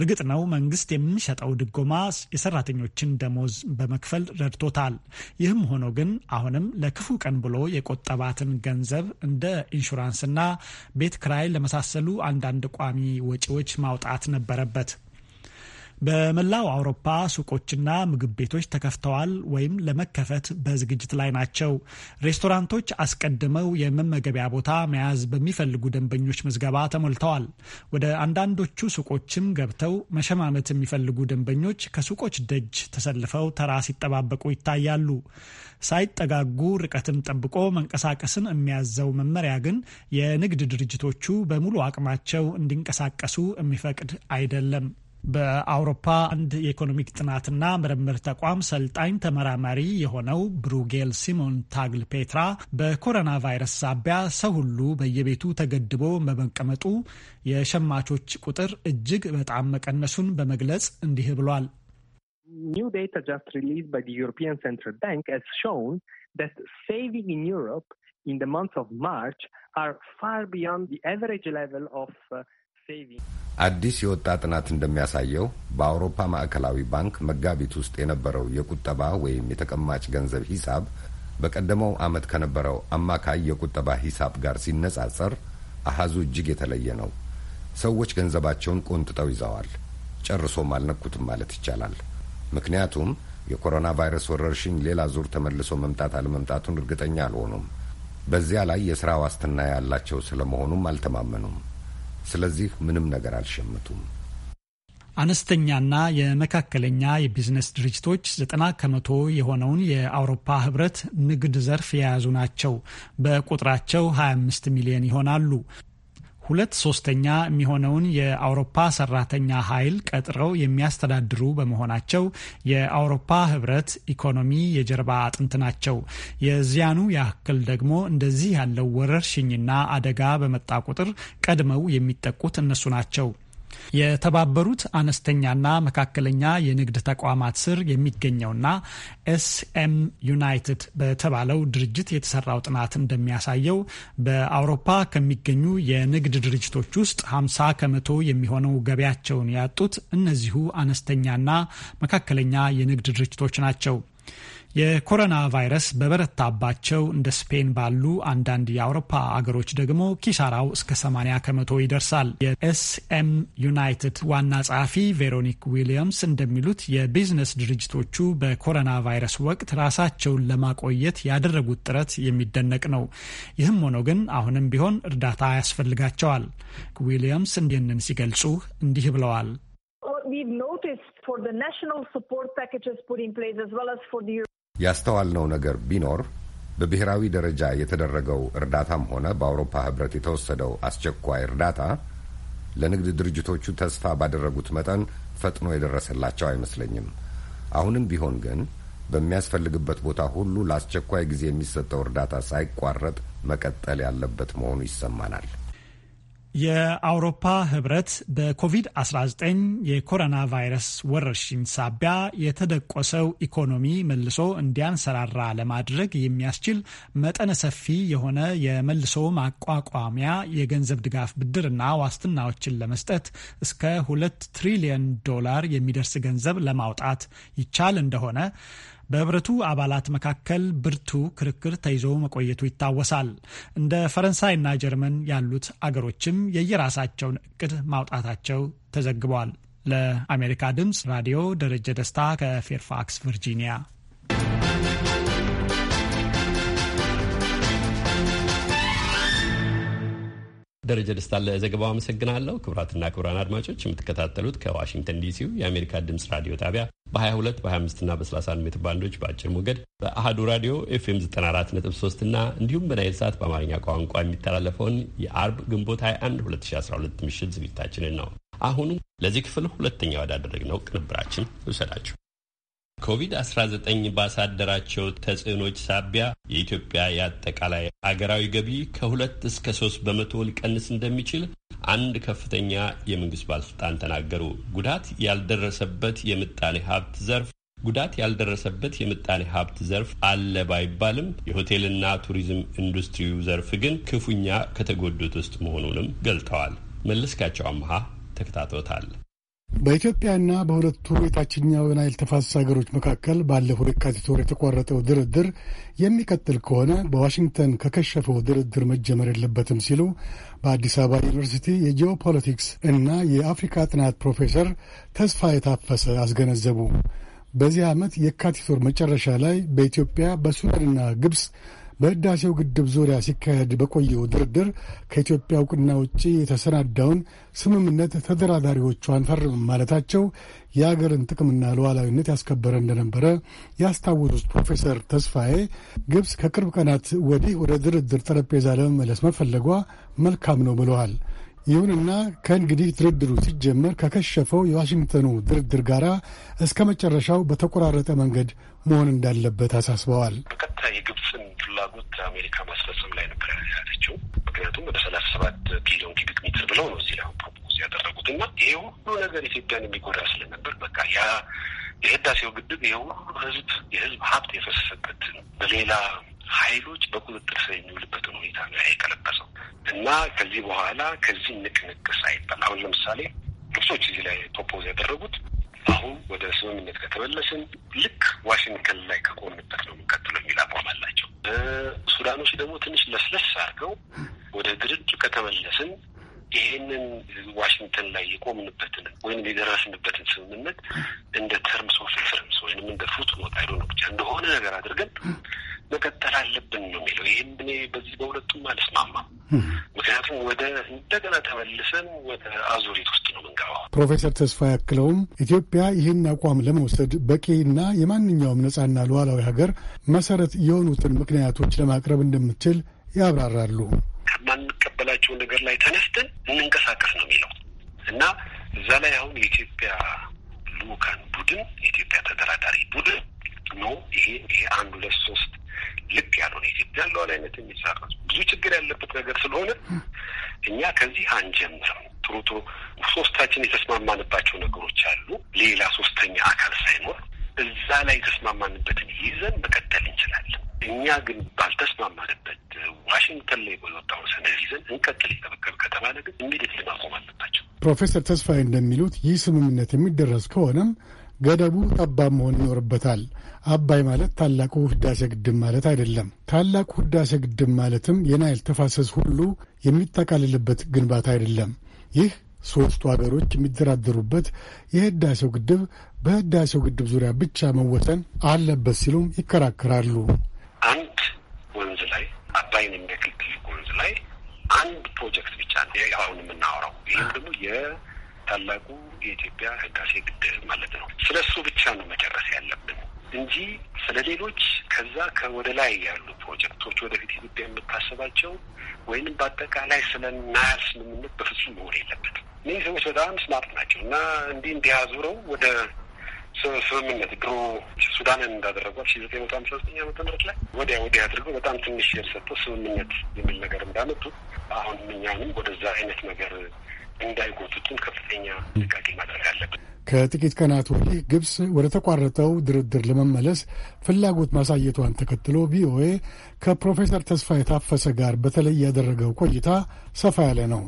S11: እርግጥ ነው መንግስት የሚሰጠው ድጎማ የሰራተኞችን ደሞዝ በመክፈል ረድቶታል። ይህም ሆኖ ግን አሁንም ለክፉ ቀን ብሎ የቆጠባትን ገንዘብ እንደ ኢንሹራንስና ቤት ክራይ ለመሳሰሉ አንዳንድ ቋሚ ወጪዎች ማውጣት ነበረበት። በመላው አውሮፓ ሱቆችና ምግብ ቤቶች ተከፍተዋል ወይም ለመከፈት በዝግጅት ላይ ናቸው። ሬስቶራንቶች አስቀድመው የመመገቢያ ቦታ መያዝ በሚፈልጉ ደንበኞች ምዝገባ ተሞልተዋል። ወደ አንዳንዶቹ ሱቆችም ገብተው መሸማመት የሚፈልጉ ደንበኞች ከሱቆች ደጅ ተሰልፈው ተራ ሲጠባበቁ ይታያሉ። ሳይጠጋጉ ርቀትን ጠብቆ መንቀሳቀስን የሚያዘው መመሪያ ግን የንግድ ድርጅቶቹ በሙሉ አቅማቸው እንዲንቀሳቀሱ የሚፈቅድ አይደለም። በአውሮፓ አንድ የኢኮኖሚክ ጥናትና ምርምር ተቋም ሰልጣኝ ተመራማሪ የሆነው ብሩጌል ሲሞን ታግል ፔትራ በኮሮና ቫይረስ ሳቢያ ሰው ሁሉ በየቤቱ ተገድቦ በመቀመጡ የሸማቾች ቁጥር እጅግ በጣም መቀነሱን በመግለጽ እንዲህ ብሏል።
S1: ኒው ዴታ ጃስት ሪሊዝ ባይ ዘ ዩሮፒያን ሴንትራል ባንክ ሃዝ ሾውን ዛት ሴቪንግ ኢን ዩሮፕ ኢን ዘ ማንዝ ኦፍ ማርች አር ፋር ቢዮንድ ዘ አቨሬጅ ሌቨል ኦፍ
S4: አዲስ የወጣ ጥናት እንደሚያሳየው በአውሮፓ ማዕከላዊ ባንክ መጋቢት ውስጥ የነበረው የቁጠባ ወይም የተቀማጭ ገንዘብ ሂሳብ በቀደመው ዓመት ከነበረው አማካይ የቁጠባ ሂሳብ ጋር ሲነጻጸር አሃዙ እጅግ የተለየ ነው። ሰዎች ገንዘባቸውን ቆንጥጠው ይዘዋል። ጨርሶም አልነኩትም ማለት ይቻላል። ምክንያቱም የኮሮና ቫይረስ ወረርሽኝ ሌላ ዙር ተመልሶ መምጣት አለመምጣቱን እርግጠኛ አልሆኑም። በዚያ ላይ የሥራ ዋስትና ያላቸው ስለመሆኑም አልተማመኑም። ስለዚህ ምንም ነገር አልሸምቱም።
S11: አነስተኛና የመካከለኛ የቢዝነስ ድርጅቶች ዘጠና ከመቶ የሆነውን የአውሮፓ ህብረት ንግድ ዘርፍ የያዙ ናቸው። በቁጥራቸው 25 ሚሊዮን ይሆናሉ። ሁለት ሶስተኛ የሚሆነውን የአውሮፓ ሰራተኛ ኃይል ቀጥረው የሚያስተዳድሩ በመሆናቸው የአውሮፓ ህብረት ኢኮኖሚ የጀርባ አጥንት ናቸው። የዚያኑ ያክል ደግሞ እንደዚህ ያለው ወረርሽኝና አደጋ በመጣ ቁጥር ቀድመው የሚጠቁት እነሱ ናቸው። የተባበሩት አነስተኛና መካከለኛ የንግድ ተቋማት ስር የሚገኘውና ኤስኤም ዩናይትድ በተባለው ድርጅት የተሰራው ጥናት እንደሚያሳየው በአውሮፓ ከሚገኙ የንግድ ድርጅቶች ውስጥ 50 ከመቶ የሚሆነው ገበያቸውን ያጡት እነዚሁ አነስተኛና መካከለኛ የንግድ ድርጅቶች ናቸው። የኮሮና ቫይረስ በበረታባቸው እንደ ስፔን ባሉ አንዳንድ የአውሮፓ አገሮች ደግሞ ኪሳራው እስከ 80 ከመቶ ይደርሳል። የኤስኤም ዩናይትድ ዋና ጸሐፊ ቬሮኒክ ዊሊያምስ እንደሚሉት የቢዝነስ ድርጅቶቹ በኮሮና ቫይረስ ወቅት ራሳቸውን ለማቆየት ያደረጉት ጥረት የሚደነቅ ነው። ይህም ሆኖ ግን አሁንም ቢሆን እርዳታ ያስፈልጋቸዋል። ዊሊያምስ እንዲህንን ሲገልጹ እንዲህ ብለዋል።
S4: ያስተዋልነው ነገር ቢኖር በብሔራዊ ደረጃ የተደረገው እርዳታም ሆነ በአውሮፓ ህብረት የተወሰደው አስቸኳይ እርዳታ ለንግድ ድርጅቶቹ ተስፋ ባደረጉት መጠን ፈጥኖ የደረሰላቸው አይመስለኝም። አሁንም ቢሆን ግን በሚያስፈልግበት ቦታ ሁሉ ለአስቸኳይ ጊዜ የሚሰጠው እርዳታ ሳይቋረጥ መቀጠል ያለበት መሆኑ ይሰማናል።
S11: የአውሮፓ ህብረት በኮቪድ-19 የኮሮና ቫይረስ ወረርሽኝ ሳቢያ የተደቆሰው ኢኮኖሚ መልሶ እንዲያንሰራራ ለማድረግ የሚያስችል መጠነ ሰፊ የሆነ የመልሶ ማቋቋሚያ የገንዘብ ድጋፍ ብድርና ዋስትናዎችን ለመስጠት እስከ ሁለት ትሪሊየን ዶላር የሚደርስ ገንዘብ ለማውጣት ይቻል እንደሆነ በህብረቱ አባላት መካከል ብርቱ ክርክር ተይዞ መቆየቱ ይታወሳል። እንደ ፈረንሳይና ጀርመን ያሉት አገሮችም የየራሳቸውን እቅድ ማውጣታቸው ተዘግቧል። ለአሜሪካ ድምፅ ራዲዮ ደረጀ ደስታ ከፌርፋክስ ቨርጂኒያ።
S2: ደረጀ ደስታ ለዘገባው አመሰግናለሁ። ክቡራትና ክቡራን አድማጮች የምትከታተሉት ከዋሽንግተን ዲሲው የአሜሪካ ድምፅ ራዲዮ ጣቢያ በ22 በ25 እና በ31 ሜትር ባንዶች በአጭር ሞገድ በአህዱ ራዲዮ ኤፍኤም 943 እና እንዲሁም በናይል ሰዓት በአማርኛ ቋንቋ የሚተላለፈውን የአርብ ግንቦት 21 2012 ምሽት ዝግጅታችንን ነው። አሁኑ ለዚህ ክፍል ሁለተኛ ወዳደረግነው ቅንብራችን እውሰዳችሁ። ኮቪድ-19 ባሳደራቸው ተጽዕኖች ሳቢያ የኢትዮጵያ የአጠቃላይ አገራዊ ገቢ ከሁለት እስከ ሶስት በመቶ ሊቀንስ እንደሚችል አንድ ከፍተኛ የመንግስት ባለስልጣን ተናገሩ። ጉዳት ያልደረሰበት የምጣኔ ሀብት ዘርፍ ጉዳት ያልደረሰበት የምጣኔ ሀብት ዘርፍ አለ ባይባልም የሆቴልና ቱሪዝም ኢንዱስትሪው ዘርፍ ግን ክፉኛ ከተጎዱት ውስጥ መሆኑንም ገልጠዋል። መለስካቸው አምሃ ተከታትሎታል።
S12: በኢትዮጵያና በሁለቱ የታችኛው ናይል ተፋሰስ ሀገሮች መካከል ባለፈው የካቲት ወር የተቋረጠው ድርድር የሚቀጥል ከሆነ በዋሽንግተን ከከሸፈው ድርድር መጀመር የለበትም ሲሉ በአዲስ አበባ ዩኒቨርሲቲ የጂኦ ፖለቲክስ እና የአፍሪካ ጥናት ፕሮፌሰር ተስፋ የታፈሰ አስገነዘቡ። በዚህ ዓመት የካቲት ወር መጨረሻ ላይ በኢትዮጵያ በሱዳንና ግብፅ በህዳሴው ግድብ ዙሪያ ሲካሄድ በቆየው ድርድር ከኢትዮጵያ እውቅና ውጪ የተሰናዳውን ስምምነት ተደራዳሪዎቹ አንፈርምም ማለታቸው የአገርን ጥቅምና ሉዓላዊነት ያስከበረ እንደነበረ ያስታወሱት ፕሮፌሰር ተስፋዬ ግብፅ ከቅርብ ቀናት ወዲህ ወደ ድርድር ጠረጴዛ ለመመለስ መፈለጓ መልካም ነው ብለዋል። ይሁንና ከእንግዲህ ድርድሩ ሲጀመር ከከሸፈው የዋሽንግተኑ ድርድር ጋር እስከ መጨረሻው በተቆራረጠ መንገድ መሆን እንዳለበት አሳስበዋል። በቀጥታ
S13: የግብፅን ፍላጎት አሜሪካ ማስፈጸም ላይ ነበር ያለችው። ምክንያቱም ወደ ሰላሳ ሰባት ቢሊዮን ኪቢክ ሜትር ብለው ነው እዚህ ላይ ፕሮፖዝ ያደረጉት እና ይሄ ሁሉ ነገር ኢትዮጵያን የሚጎዳ ስለነበር በቃ ያ የህዳሴው ግድብ የሁሉ ህዝብ የህዝብ ሀብት የፈሰሰበትን በሌላ ኃይሎች በቁጥጥር ስር የሚውልበትን ሁኔታ ነው የቀለበሰው እና ከዚህ በኋላ ከዚህ ንቅንቅ ሳይባል አሁን ለምሳሌ ግብጾች እዚህ ላይ ፕሮፖዝ ያደረጉት አሁን ወደ ስምምነት ከተመለስን ልክ ዋሽንግተን ላይ ከቆምንበት ነው የምንቀጥለው የሚል አቋም አላቸው። ሱዳኖች ደግሞ ትንሽ ለስለስ አድርገው ወደ ድርድር ከተመለስን ይሄንን ዋሽንግተን ላይ የቆምንበትን ወይም የደረስንበትን ስምምነት እንደ ተርምስ ኦፍ ሪፈረንስ ወይም እንደ ፉት ኖት አይዶ ነው ብቻ እንደሆነ ነገር አድርገን መቀጠል አለብን ነው የሚለው። ይህም እኔ በዚህ በሁለቱም አልስማማም። ምክንያቱም ወደ
S12: እንደገና ተመልሰን ወደ አዙሪት ውስጥ ነው ምንገባው። ፕሮፌሰር ተስፋ ያክለውም ኢትዮጵያ ይህን አቋም ለመውሰድ በቂና የማንኛውም ነጻና ሉዓላዊ ሀገር መሰረት የሆኑትን ምክንያቶች ለማቅረብ እንደምትችል ያብራራሉ። ከማንቀበላቸው
S13: ነገር ላይ ተነስተን እንንቀሳቀስ ነው የሚለው እና እዛ ላይ አሁን የኢትዮጵያ ልኡካን ቡድን የኢትዮጵያ ተደራዳሪ ቡድን ነው። ይሄ ይሄ አንድ ሁለት ሶስት ልክ ያልሆነ ኢትዮጵያ ለዋል አይነት የሚጻረሱ ብዙ ችግር ያለበት ነገር ስለሆነ እኛ ከዚህ አንጀምርም። ጥሩ ጥሩ ሶስታችን የተስማማንባቸው ነገሮች አሉ። ሌላ ሶስተኛ አካል ሳይኖር እዛ ላይ የተስማማንበትን ይዘን መቀጠል እንችላለን። እኛ ግን ባልተስማማንበት ዋሽንግተን ላይ በወጣው ሰነድ ይዘን እንቀጥል የተበከል ከተባለ
S3: ግን እንግዲህ ልማቆም
S12: አለባቸው። ፕሮፌሰር ተስፋዬ እንደሚሉት ይህ ስምምነት የሚደረስ ከሆነም ገደቡ ጠባብ መሆን ይኖርበታል። አባይ ማለት ታላቁ ህዳሴ ግድብ ማለት አይደለም። ታላቁ ህዳሴ ግድብ ማለትም የናይል ተፋሰስ ሁሉ የሚጠቃልልበት ግንባታ አይደለም። ይህ ሦስቱ አገሮች የሚደራደሩበት የህዳሴው ግድብ በህዳሴው ግድብ ዙሪያ ብቻ መወሰን አለበት ሲሉም ይከራከራሉ።
S13: አንድ ወንዝ ላይ አባይን የሚያክል ትልቅ ወንዝ ላይ አንድ ፕሮጀክት ብቻ ነው አሁን የምናወራው። ይህም ደግሞ የታላቁ የኢትዮጵያ ህዳሴ ግድብ ማለት ነው። ስለ እሱ ብቻ ነው መጨረስ ያለብን። እንጂ ስለ ሌሎች ከዛ ከወደ ላይ ያሉ ፕሮጀክቶች ወደፊት ኢትዮጵያ የምታስባቸው ወይንም በአጠቃላይ ስለ ናያል ስምምነት በፍጹም መሆን የለበትም። እነዚህ ሰዎች በጣም ስማርት ናቸው እና እንዲህ እንዲህ አዙረው ወደ ስምምነት ድሮ ሱዳንን እንዳደረጓት ሺ ዘጠኝ መቶ ሀምሳ ዘጠኝ ዓመተ ምህረት ላይ ወዲያ ወዲያ አድርገው በጣም ትንሽ የተሰጠው ስምምነት የሚል ነገር እንዳመጡ አሁን እኛንም ወደዛ አይነት
S12: ነገር እንዳይጎቱትን ከፍተኛ ጥንቃቄ ማድረግ አለብን። ከጥቂት ቀናት ወዲህ ግብፅ ወደ ተቋረጠው ድርድር ለመመለስ ፍላጎት ማሳየቷን ተከትሎ ቪኦኤ ከፕሮፌሰር ተስፋ የታፈሰ ጋር በተለይ ያደረገው ቆይታ ሰፋ ያለ ነው።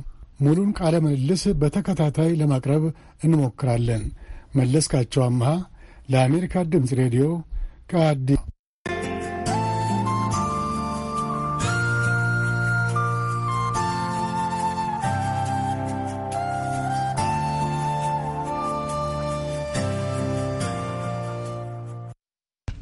S12: ሙሉን ቃለ ምልልስ በተከታታይ ለማቅረብ እንሞክራለን። መለስካቸው አምሃ ለአሜሪካ ድምፅ ሬዲዮ ከአዲስ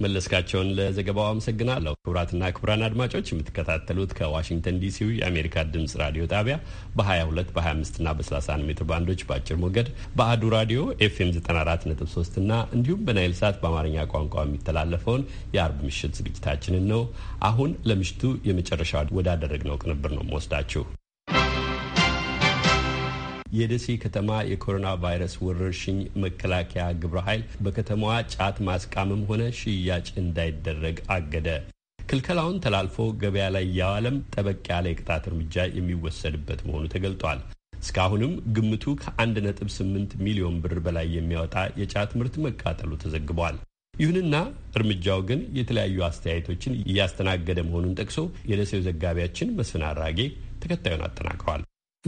S2: መለስካቸውን ለዘገባው አመሰግናለሁ። ክቡራትና ክቡራን አድማጮች የምትከታተሉት ከዋሽንግተን ዲሲው የአሜሪካ ድምጽ ራዲዮ ጣቢያ በ22 25 እና በ31 ሜትር ባንዶች በአጭር ሞገድ በአዱ ራዲዮ ኤፍኤም 943 እና እንዲሁም በናይል ሳት በአማርኛ ቋንቋ የሚተላለፈውን የአርብ ምሽት ዝግጅታችንን ነው። አሁን ለምሽቱ የመጨረሻ ወዳደረግነው ቅንብር ነው መወስዳችሁ የደሴ ከተማ የኮሮና ቫይረስ ወረርሽኝ መከላከያ ግብረ ኃይል በከተማዋ ጫት ማስቃምም ሆነ ሽያጭ እንዳይደረግ አገደ። ክልከላውን ተላልፎ ገበያ ላይ ያዋለም ጠበቅ ያለ የቅጣት እርምጃ የሚወሰድበት መሆኑ ተገልጧል። እስካሁንም ግምቱ ከ1.8 ሚሊዮን ብር በላይ የሚያወጣ የጫት ምርት መቃጠሉ ተዘግቧል። ይሁንና እርምጃው ግን የተለያዩ አስተያየቶችን እያስተናገደ መሆኑን ጠቅሶ የደሴው ዘጋቢያችን መስፍን አራጌ ተከታዩን አጠናቅሯል።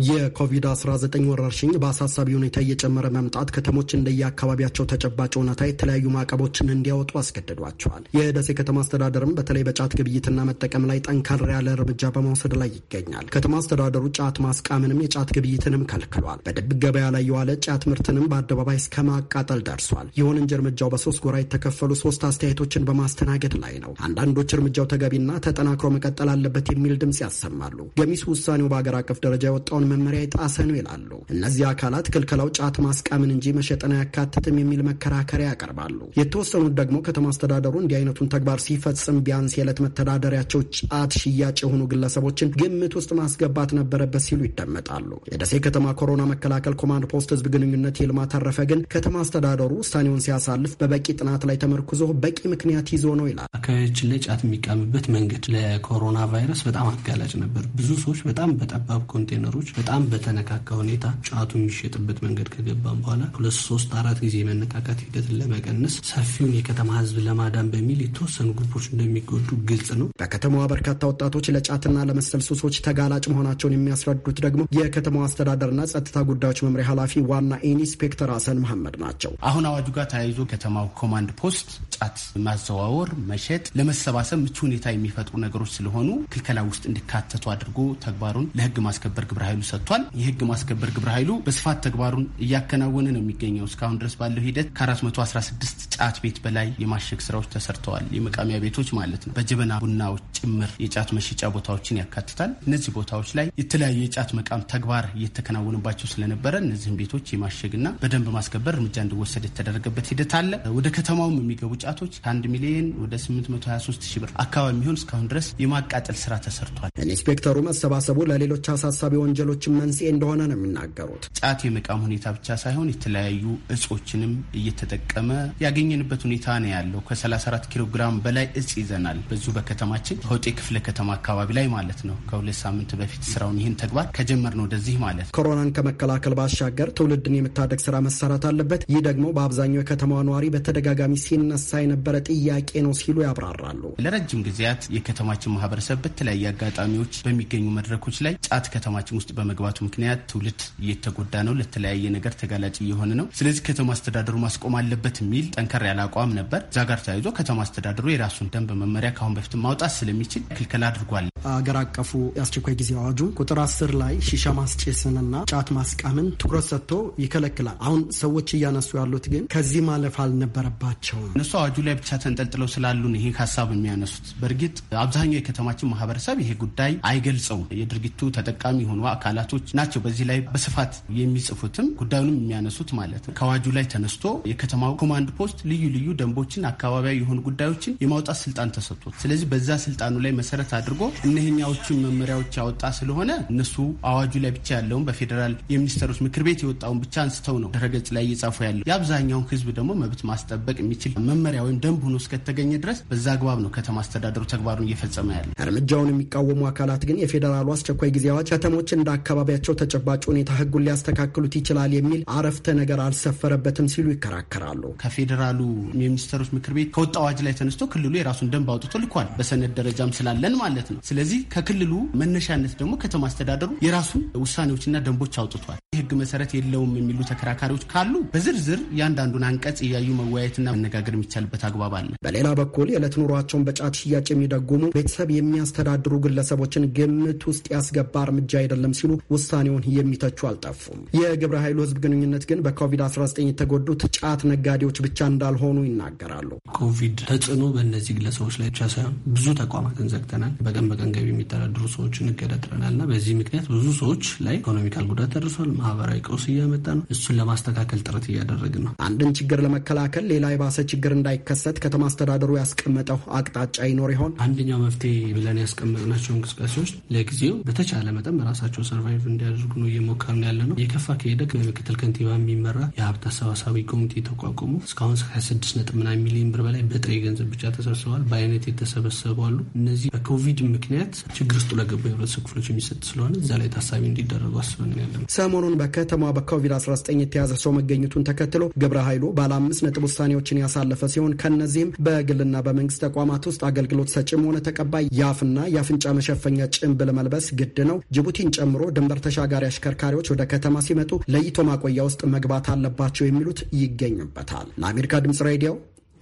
S14: የኮቪድ-19 ወረርሽኝ በአሳሳቢ ሁኔታ እየጨመረ መምጣት ከተሞች እንደየአካባቢያቸው ተጨባጭ እውነታ የተለያዩ ማዕቀቦችን እንዲያወጡ አስገድዷቸዋል። የደሴ ከተማ አስተዳደርም በተለይ በጫት ግብይትና መጠቀም ላይ ጠንካራ ያለ እርምጃ በመውሰድ ላይ ይገኛል። ከተማ አስተዳደሩ ጫት ማስቃምንም የጫት ግብይትንም ከልክሏል። በድብቅ ገበያ ላይ የዋለ ጫት ምርትንም በአደባባይ እስከ ማቃጠል ደርሷል። ይሁን እንጂ እርምጃው በሶስት ጎራ የተከፈሉ ሶስት አስተያየቶችን በማስተናገድ ላይ ነው። አንዳንዶች እርምጃው ተገቢና ተጠናክሮ መቀጠል አለበት የሚል ድምፅ ያሰማሉ። ገሚሱ ውሳኔው በአገር አቀፍ ደረጃ የወጣው የወጣውን መመሪያ የጣሰ ነው ይላሉ። እነዚህ አካላት ክልከላው ጫት ማስቃምን እንጂ መሸጠን አያካትትም የሚል መከራከሪያ ያቀርባሉ። የተወሰኑት ደግሞ ከተማ አስተዳደሩ እንዲህ አይነቱን ተግባር ሲፈጽም ቢያንስ የዕለት መተዳደሪያቸው ጫት ሽያጭ የሆኑ ግለሰቦችን ግምት ውስጥ ማስገባት ነበረበት ሲሉ ይደመጣሉ። የደሴ ከተማ ኮሮና መከላከል ኮማንድ ፖስት ህዝብ ግንኙነት የልማት ተረፈ ግን ከተማ አስተዳደሩ ውሳኔውን ሲያሳልፍ በበቂ ጥናት ላይ ተመርኩዞ በቂ ምክንያት ይዞ ነው ይላል። አካባቢዎችን ላይ ጫት የሚቃምበት መንገድ ለኮሮና ቫይረስ በጣም አጋላጭ ነበር። ብዙ ሰዎች በጣም በጠባብ ኮንቴነሮች በጣም
S15: በተነካካ ሁኔታ ጫቱ የሚሸጥበት መንገድ ከገባም በኋላ ሁለት ሶስት አራት ጊዜ የመነካካት ሂደትን
S14: ለመቀነስ ሰፊውን የከተማ ህዝብ ለማዳን በሚል የተወሰኑ ግሩፖች እንደሚጎዱ ግልጽ ነው። በከተማዋ በርካታ ወጣቶች ለጫትና ለመሰል ሱሶች ተጋላጭ መሆናቸውን የሚያስረዱት ደግሞ የከተማዋ አስተዳደርና ጸጥታ ጉዳዮች መምሪያ ኃላፊ ዋና ኢንስፔክተር ሀሰን መሐመድ ናቸው።
S15: አሁን አዋጁ ጋር ተያይዞ ከተማው ኮማንድ ፖስት ጫት ማዘዋወር፣ መሸጥ፣ ለመሰባሰብ ምቹ ሁኔታ የሚፈጥሩ ነገሮች ስለሆኑ ክልከላ ውስጥ እንዲካተቱ አድርጎ ተግባሩን ለህግ ማስከበር ግብረ ኃይሉ እድል ሰጥቷል። የህግ ማስከበር ግብረ ኃይሉ በስፋት ተግባሩን እያከናወነ ነው የሚገኘው። እስካሁን ድረስ ባለው ሂደት ከ416 ጫት ቤት በላይ የማሸግ ስራዎች ተሰርተዋል። የመቃሚያ ቤቶች ማለት ነው። በጀበና ቡናዎች ጭምር የጫት መሸጫ ቦታዎችን ያካትታል። እነዚህ ቦታዎች ላይ የተለያዩ የጫት መቃም ተግባር እየተከናወነባቸው ስለነበረ እነዚህም ቤቶች የማሸግና በደንብ ማስከበር እርምጃ እንዲወሰድ የተደረገበት ሂደት አለ። ወደ ከተማውም የሚገቡ ጫቶች ከ1 ሚሊዮን ወደ 823 ሺ ብር አካባቢ የሚሆን እስካሁን ድረስ የማቃጠል ስራ ተሰርቷል።
S14: ኢንስፔክተሩ መሰባሰቡ ለሌሎች አሳሳቢ ወንጀሎ ሌሎችም መንስኤ እንደሆነ ነው የሚናገሩት። ጫት የመቃም ሁኔታ ብቻ ሳይሆን የተለያዩ እጾችንም እየተጠቀመ
S15: ያገኘንበት ሁኔታ ነው ያለው። ከ34 ኪሎ ግራም በላይ እጽ ይዘናል። በዚሁ በከተማችን ሆጤ ክፍለ ከተማ አካባቢ ላይ ማለት ነው። ከሁለት ሳምንት በፊት ስራውን ይህን ተግባር ከጀመር ነው ወደዚህ ማለት
S14: ኮሮናን ከመከላከል ባሻገር ትውልድን የመታደግ ስራ መሰራት አለበት። ይህ ደግሞ በአብዛኛው የከተማ ነዋሪ በተደጋጋሚ ሲነሳ የነበረ ጥያቄ ነው ሲሉ ያብራራሉ።
S15: ለረጅም ጊዜያት የከተማችን ማህበረሰብ በተለያዩ አጋጣሚዎች በሚገኙ መድረኮች ላይ ጫት ከተማችን ውስጥ በመግባቱ ምክንያት ትውልድ እየተጎዳ ነው፣ ለተለያየ ነገር ተጋላጭ እየሆነ ነው። ስለዚህ ከተማ አስተዳደሩ ማስቆም አለበት የሚል ጠንከር ያለ አቋም ነበር። እዛ ጋር ተያይዞ ከተማ አስተዳደሩ የራሱን ደንብ መመሪያ ከአሁን በፊት ማውጣት ስለሚችል ክልከላ አድርጓል።
S14: አገር አቀፉ የአስቸኳይ ጊዜ አዋጁ ቁጥር አስር ላይ ሺሻ ማስጨስንና ጫት ማስቃምን ትኩረት ሰጥቶ ይከለክላል። አሁን ሰዎች እያነሱ ያሉት ግን ከዚህ ማለፍ አልነበረባቸውም።
S15: እነሱ አዋጁ ላይ ብቻ ተንጠልጥለው ነው ይሄ ሀሳብ የሚያነሱት በእርግጥ አብዛኛው የከተማችን ማህበረሰብ ይሄ ጉዳይ አይገልጸውም። የድርጊቱ ተጠቃሚ የሆኑ አካል ቃላቶች ናቸው። በዚህ ላይ በስፋት የሚጽፉትም ጉዳዩንም የሚያነሱት ማለት ነው። ከአዋጁ ላይ ተነስቶ የከተማው ኮማንድ ፖስት ልዩ ልዩ ደንቦችን፣ አካባቢያዊ የሆኑ ጉዳዮችን የማውጣት ስልጣን ተሰጥቶት፣ ስለዚህ በዛ ስልጣኑ ላይ መሰረት አድርጎ እነህኛዎቹን መመሪያዎች ያወጣ ስለሆነ እነሱ አዋጁ ላይ ብቻ ያለውን በፌዴራል የሚኒስትሮች ምክር ቤት የወጣውን ብቻ አንስተው ነው ድረገጽ ላይ እየጻፉ ያለው። የአብዛኛውን ህዝብ ደግሞ መብት ማስጠበቅ የሚችል መመሪያ ወይም ደንብ ሆኖ እስከተገኘ ድረስ በዛ አግባብ ነው ከተማ አስተዳደሩ ተግባሩን እየፈጸመ
S14: ያለ። እርምጃውን የሚቃወሙ አካላት ግን የፌዴራሉ አስቸኳይ ጊዜ አዋጅ ከተሞች እንዳ በአካባቢያቸው ተጨባጭ ሁኔታ ህጉን ሊያስተካክሉት ይችላል የሚል አረፍተ ነገር አልሰፈረበትም ሲሉ ይከራከራሉ። ከፌዴራሉ የሚኒስትሮች ምክር ቤት ከወጣ አዋጅ ላይ ተነስቶ ክልሉ የራሱን ደንብ አውጥቶ ልኳል። በሰነድ ደረጃም
S15: ስላለን ማለት ነው። ስለዚህ ከክልሉ መነሻነት ደግሞ ከተማ አስተዳደሩ የራሱን ውሳኔዎችና ደንቦች አውጥቷል። የህግ መሰረት የለውም የሚሉ ተከራካሪዎች ካሉ በዝርዝር እያንዳንዱን አንቀጽ እያዩ መወያየትና መነጋገር የሚቻልበት አግባብ አለ።
S14: በሌላ በኩል የዕለት ኑሯቸውን በጫት ሽያጭ የሚደጉሙ ቤተሰብ የሚያስተዳድሩ ግለሰቦችን ግምት ውስጥ ያስገባ እርምጃ አይደለም ሲሉ ሲሉ ውሳኔውን የሚተቹ አልጠፉም። የግብረ ኃይሉ ህዝብ ግንኙነት ግን በኮቪድ-19 የተጎዱት ጫት ነጋዴዎች ብቻ እንዳልሆኑ ይናገራሉ።
S15: ኮቪድ ተጽዕኖ በእነዚህ ግለሰቦች ላይ ብቻ ሳይሆን ብዙ ተቋማትን ዘግተናል። በቀን በቀን ገቢ የሚተዳድሩ ሰዎችን እገዳጥረናል እና በዚህ ምክንያት ብዙ ሰዎች ላይ ኢኮኖሚካል ጉዳት ደርሷል። ማህበራዊ ቀውስ እያመጣ ነው። እሱን ለማስተካከል ጥረት እያደረግን ነው።
S14: አንድን ችግር ለመከላከል ሌላ የባሰ ችግር እንዳይከሰት ከተማ አስተዳደሩ ያስቀመጠው አቅጣጫ ይኖር ይሆን? አንደኛው መፍትሄ ብለን ያስቀመጥናቸው እንቅስቃሴዎች ለጊዜው በተቻለ መጠን በራሳቸው ሰርቫይቭ እንዲያደርጉ ነው እየሞከርን
S15: ያለ ነው። የከፋ ከሄደ ምክትል ከንቲባ የሚመራ የሀብት አሰባሳቢ ኮሚቴ ተቋቁሞ እስካሁን ከስድስት ነጥብ ምናምን ሚሊዮን ብር በላይ በጥሬ ገንዘብ ብቻ ተሰብስበዋል። በአይነት የተሰበሰቡ አሉ። እነዚህ በኮቪድ ምክንያት ችግር ውስጥ ለገቡ የህብረተሰብ ክፍሎች የሚሰጥ ስለሆነ እዛ ላይ ታሳቢ እንዲደረጉ አስበን ያለ ነው።
S14: ሰሞኑን በከተማ በኮቪድ-19 የተያዘ ሰው መገኘቱን ተከትሎ ግብረ ኃይሉ ባለ አምስት ነጥብ ውሳኔዎችን ያሳለፈ ሲሆን ከእነዚህም በግልና በመንግስት ተቋማት ውስጥ አገልግሎት ሰጭም ሆነ ተቀባይ የአፍና የአፍንጫ መሸፈኛ ጭንብል መልበስ ግድ ነው፣ ጅቡቲን ጨምሮ ጨምሮ ድንበር ተሻጋሪ አሽከርካሪዎች ወደ ከተማ ሲመጡ ለይቶ ማቆያ ውስጥ መግባት አለባቸው የሚሉት ይገኙበታል። ለአሜሪካ ድምጽ ሬዲዮ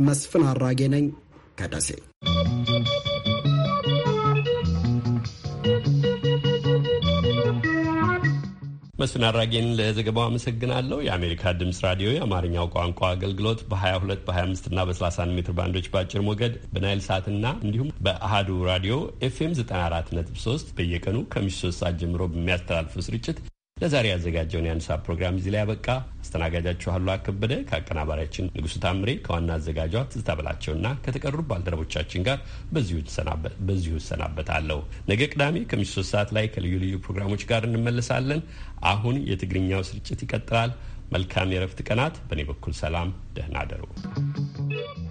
S14: መስፍን አራጌ ነኝ ከደሴ።
S2: መስፍን አድራጌን ለዘገባው አመሰግናለሁ። የአሜሪካ ድምጽ ራዲዮ የአማርኛው ቋንቋ አገልግሎት በ22 በ25 እና በ31 ሜትር ባንዶች በአጭር ሞገድ በናይል ሳትና እንዲሁም በአሃዱ ራዲዮ ኤፍኤም 943 በየቀኑ ከምሽቱ 3 ሰዓት ጀምሮ በሚያስተላልፈው ስርጭት ለዛሬ ያዘጋጀውን የአንድ ሰዓት ፕሮግራም እዚህ ላይ ያበቃ። አስተናጋጃችሁ አሉላ ከበደ ከአቀናባሪያችን ንጉሱ ታምሬ ከዋና አዘጋጇ ትዝታ በላቸውና ከተቀሩ ባልደረቦቻችን ጋር በዚሁ እሰናበታለሁ። ነገ ቅዳሜ ከምሽቱ ሶስት ሰዓት ላይ ከልዩ ልዩ ፕሮግራሞች ጋር እንመለሳለን። አሁን የትግርኛው ስርጭት ይቀጥላል። መልካም የረፍት ቀናት። በእኔ በኩል ሰላም፣ ደህና
S13: አደሩ።